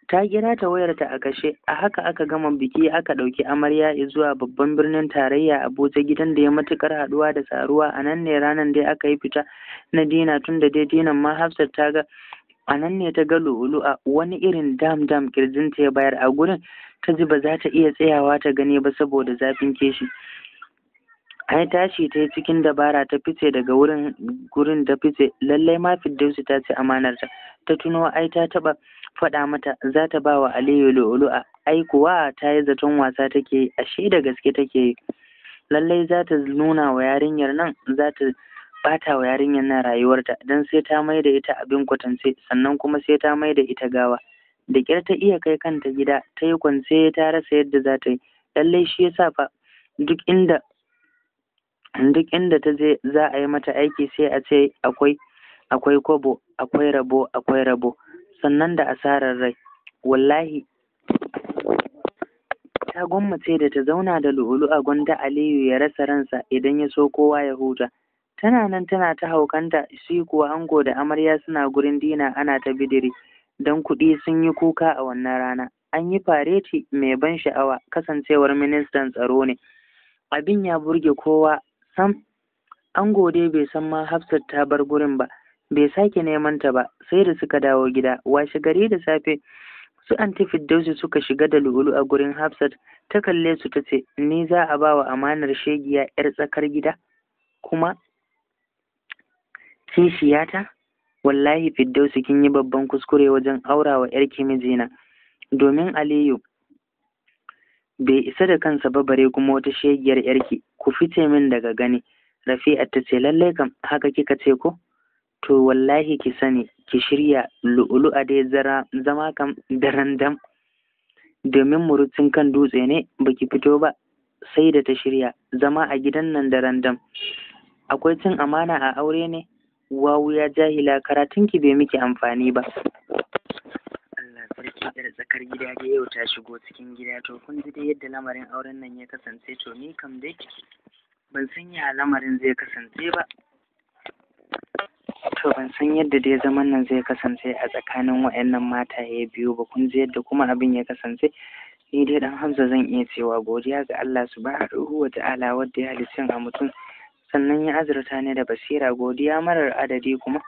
ta kira ta wayarta a kashe a haka aka gama biki aka ɗauki amarya zuwa babban birnin tarayya abuja gidan da ya matukar haɗuwa da tsaruwa a nan ne ranar dai aka yi fita na dina tun da dai dinan ma hafsat ta ga a nan ne ta ga lu'lu a wani irin dam dam kirjinta ya bayar a gurin ta ji ba za ta iya tsayawa ta gani ba saboda zafin keshi ai tashi ta yi cikin dabara ta fice daga wurin gurin da fice lallai ma Fiddausi ta ci amanarta ta tuno ai ta taɓa faɗa mata za ta ba wa Aliyu lu'ulu'a ai kuwa ta yi zaton wasa take yi ashe da gaske take yi lallai za ta nuna wa yarinyar nan za ta bata wa yarinyar nan rayuwarta don sai ta mai da ita abin kwatance sannan kuma sai ta mai da ita gawa da ƙyar ta iya kai kanta gida ta yi kwance ta rasa yadda za ta yi lallai shi yasa fa duk inda duk inda ta je za a yi mata aiki sai a ce akwai akwai kobo akwai rabo akwai rabo sannan da asarar rai wallahi ta gwammace da ta zauna da lu'ulu a gwanda aliyu ya rasa ransa idan ya so kowa ya huta tana nan tana ta haukanta shi kuwa ango da amarya suna gurin dina ana ta bidiri don kuɗi sun yi kuka a wannan rana an yi fareti mai ban sha'awa kasancewar ministan tsaro ne abin ya burge kowa sam ango dai bai san ma hafsat ta bar gurin ba bai sake neman ta ba sai da suka dawo gida washe gari da safe su anti Fiddausi suka shiga da lulu a gurin hafsat ta kalle su ta ce ni za a ba wa amanar shegiya yar tsakar gida kuma kishiyata wallahi Fiddausi kin yi babban kuskure wajen aurawa yarki mijina domin aliyu bai isa da kansa ba bare kuma wata shegiyar yarki ku fice min daga gani rafi'at ta ce lallai kam haka kika ce ko to wallahi ki sani ki shirya a dai zara zama kam daren dam domin murutun kan dutse ne ba ki fito ba sai da ta shirya zama a gidan nan daren dam akwai cin amana a aure ne wawu ya jahila karatun ki bai miki amfani ba Allah sarki da tsakar gida da yau ta shigo cikin gida to kun ji dai yadda lamarin auren nan ya kasance to ni kam dai ban san ya lamarin zai kasance ba to ban san yadda dai zaman nan zai kasance a tsakanin waɗannan mataye biyu ba kun ji yadda kuma abin ya kasance ni dai dan Hamza zan iya cewa godiya ga Allah subhanahu wa ta'ala wanda ya halicci a mutum sannan ya azurta ni da basira godiya marar adadi kuma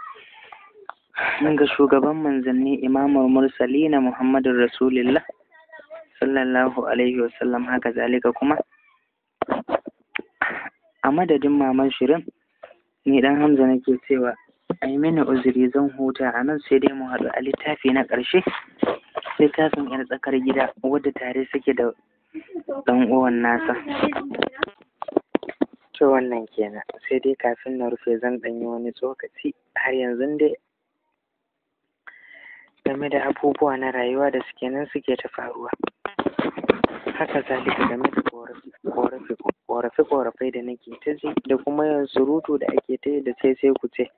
ga shugaban manzanni imamul mursalina Muhammadur rasulillah sallallahu alaihi wasallam haka zalika kuma a madadin maman shirin ni dan Hamza nake cewa ai mini uzuri zan huta a nan sai dai mu haɗu a littafi na ƙarshe littafin yar tsakar gida wadda tare suke da ɗan uwan nasa to wannan kenan sai dai kafin na rufe zan ɗan yi wani tsokaci har yanzu dai game da abubuwa na rayuwa da suke nan suke ta faruwa haka zalika game da ƙorafe ƙorafe da nake ta ji da kuma surutu da ake ta yi da sai sai ku ce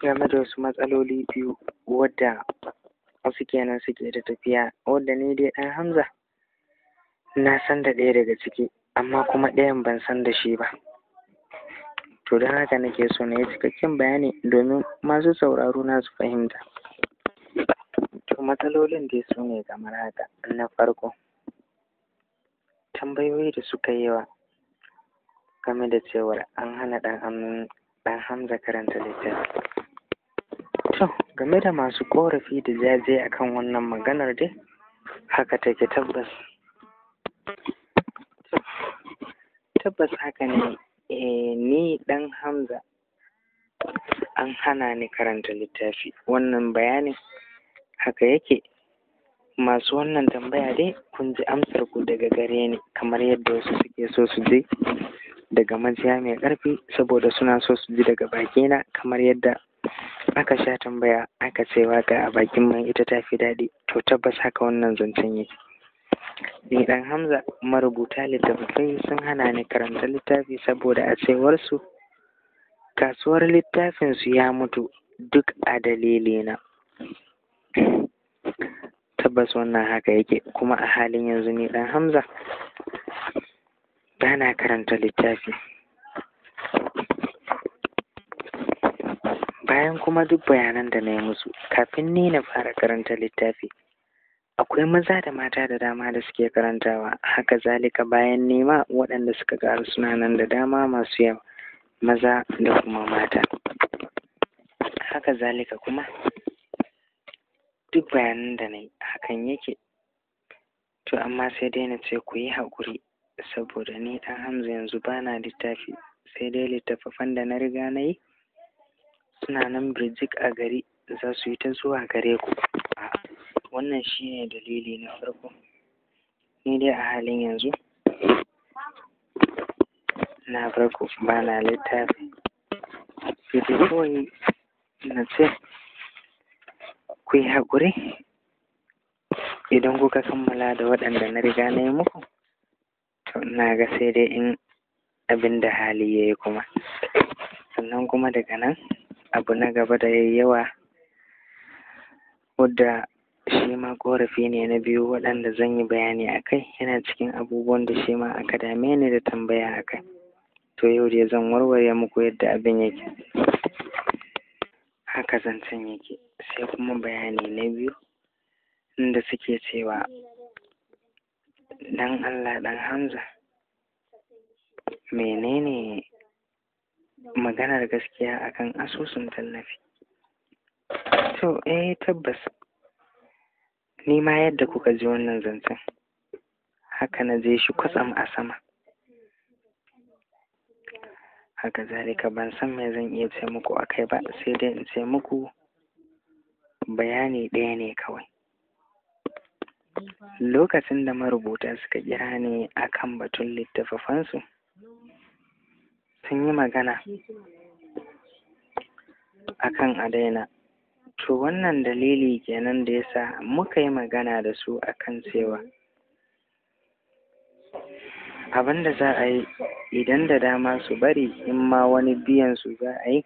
game da wasu matsaloli biyu wadda wasu kenan suke da tafiya wadda ni dai ɗan hamza na san da ɗaya daga ciki amma kuma ɗayan ban san da shi ba to don haka nake so na yi cikakken bayani domin masu sauraro na su fahimta to matsalolin dai su ne kamar haka na farko tambayoyi da suka yi wa game da cewar an hana ɗan ɗan Hamza karanta littafi. To, game da masu ƙorafi da jaje akan wannan maganar dai, haka take tabbas. Tabbas haka ne, eh, ni ɗan Hamza an hana ni karanta littafi, wannan bayanin haka yake. masu wannan tambaya dai kun ji amsar ku daga gare ni kamar yadda wasu suke so su ji daga majiya mai ƙarfi saboda suna so su ji daga bakina kamar yadda aka sha tambaya aka ce waka a bakin mai ita ta fi daɗi to tabbas haka wannan zancen yake ni dan hamza marubuta littattafai sun hana ni karanta littafi saboda a cewarsu kasuwar littafinsu ya mutu duk a dalilina tabbas wannan haka yake kuma a halin yanzu ni dan hamza Bana karanta littafi bayan kuma duk bayanan da na yi musu kafin ni na fara karanta littafi akwai maza da mata da dama da suke karantawa haka zalika bayan nema waɗanda suka gara suna nan da dama masu yawa maza da kuma mata haka zalika kuma duk bayanan da na yi hakan yake to amma sai dai na ce ku yi haƙuri saboda ni ɗan hamza yanzu ba na littafi sai dai littattafan da na riga na yi suna nan birjik a gari za su yi ta zuwa gare ku wannan shi ne dalili na farko ni dai a halin yanzu na farko ba na littafi sai dai kawai na ce ku yi haƙuri idan kuka kammala da waɗanda na riga na yi muku to ina ga sai dai in abin da hali ya yi kuma sannan kuma daga nan abu na gaba da ya yawa wadda shi ma ƙorafi ne na biyu waɗanda zan yi bayani a kai yana cikin abubuwan da shi ma aka dame ni da tambaya a kai to yau dai zan warware muku yadda abin yake haka zancen yake sai kuma bayani na biyu inda suke cewa dan Allah dan Hamza menene maganar gaskiya akan asusun tallafi to eh tabbas ni ma yadda kuka ji wannan zancen haka na je shi kwatsam a sama haka zalika ban san me zan iya ce muku akai ba sai dai in ce muku bayani ɗaya ne kawai lokacin da marubuta suka kira ni akan batun littafafansu sun yi magana akan a daina to wannan dalili kenan da yasa muka yi magana da su akan cewa abin da za a yi idan da dama su bari in ma wani biyan su za a yi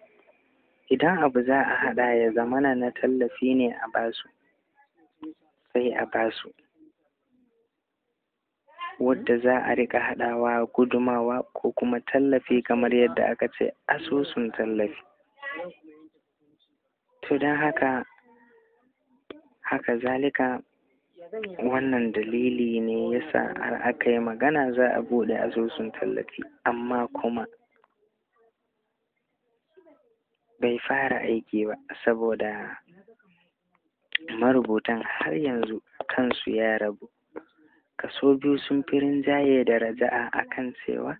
idan abu za a haɗa ya zamana na tallafi ne a basu sai a basu wadda za a rika haɗawa gudumawa ko kuma tallafi kamar yadda aka ce asusun tallafi to don haka haka zalika wannan dalili ne yasa har aka yi magana za a buɗe asusun tallafi amma kuma bai fara aiki ba saboda marubutan har yanzu kansu ya rabu kaso biyu sun fi rinjaye da raja'a a kan cewa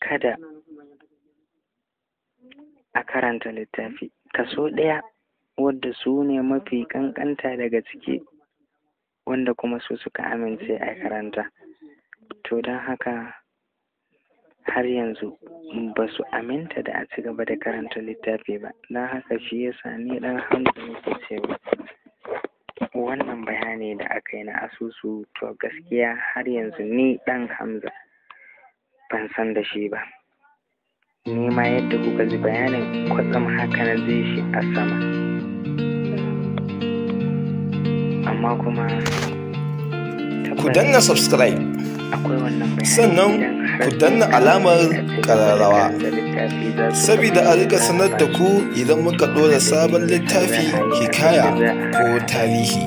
kada a karanta littafi kaso ɗaya wadda su ne mafi ƙanƙanta daga ciki wanda kuma su suka amince a karanta to don haka har yanzu ba su aminta da a ci gaba da karanta littafi ba don haka shi yasa ni dan hamdu nake cewa wannan bayani da aka yi na asusu to gaskiya har yanzu ni dan hamza ban san da shi ba ni ma yadda kuka ji bayanin kwatsam haka na zai shi a sama amma kuma ku danna subscribe sannan ku danna alamar kararrawa saboda a rika sanar da ku idan muka ɗora sabon littafi hikaya ko tarihi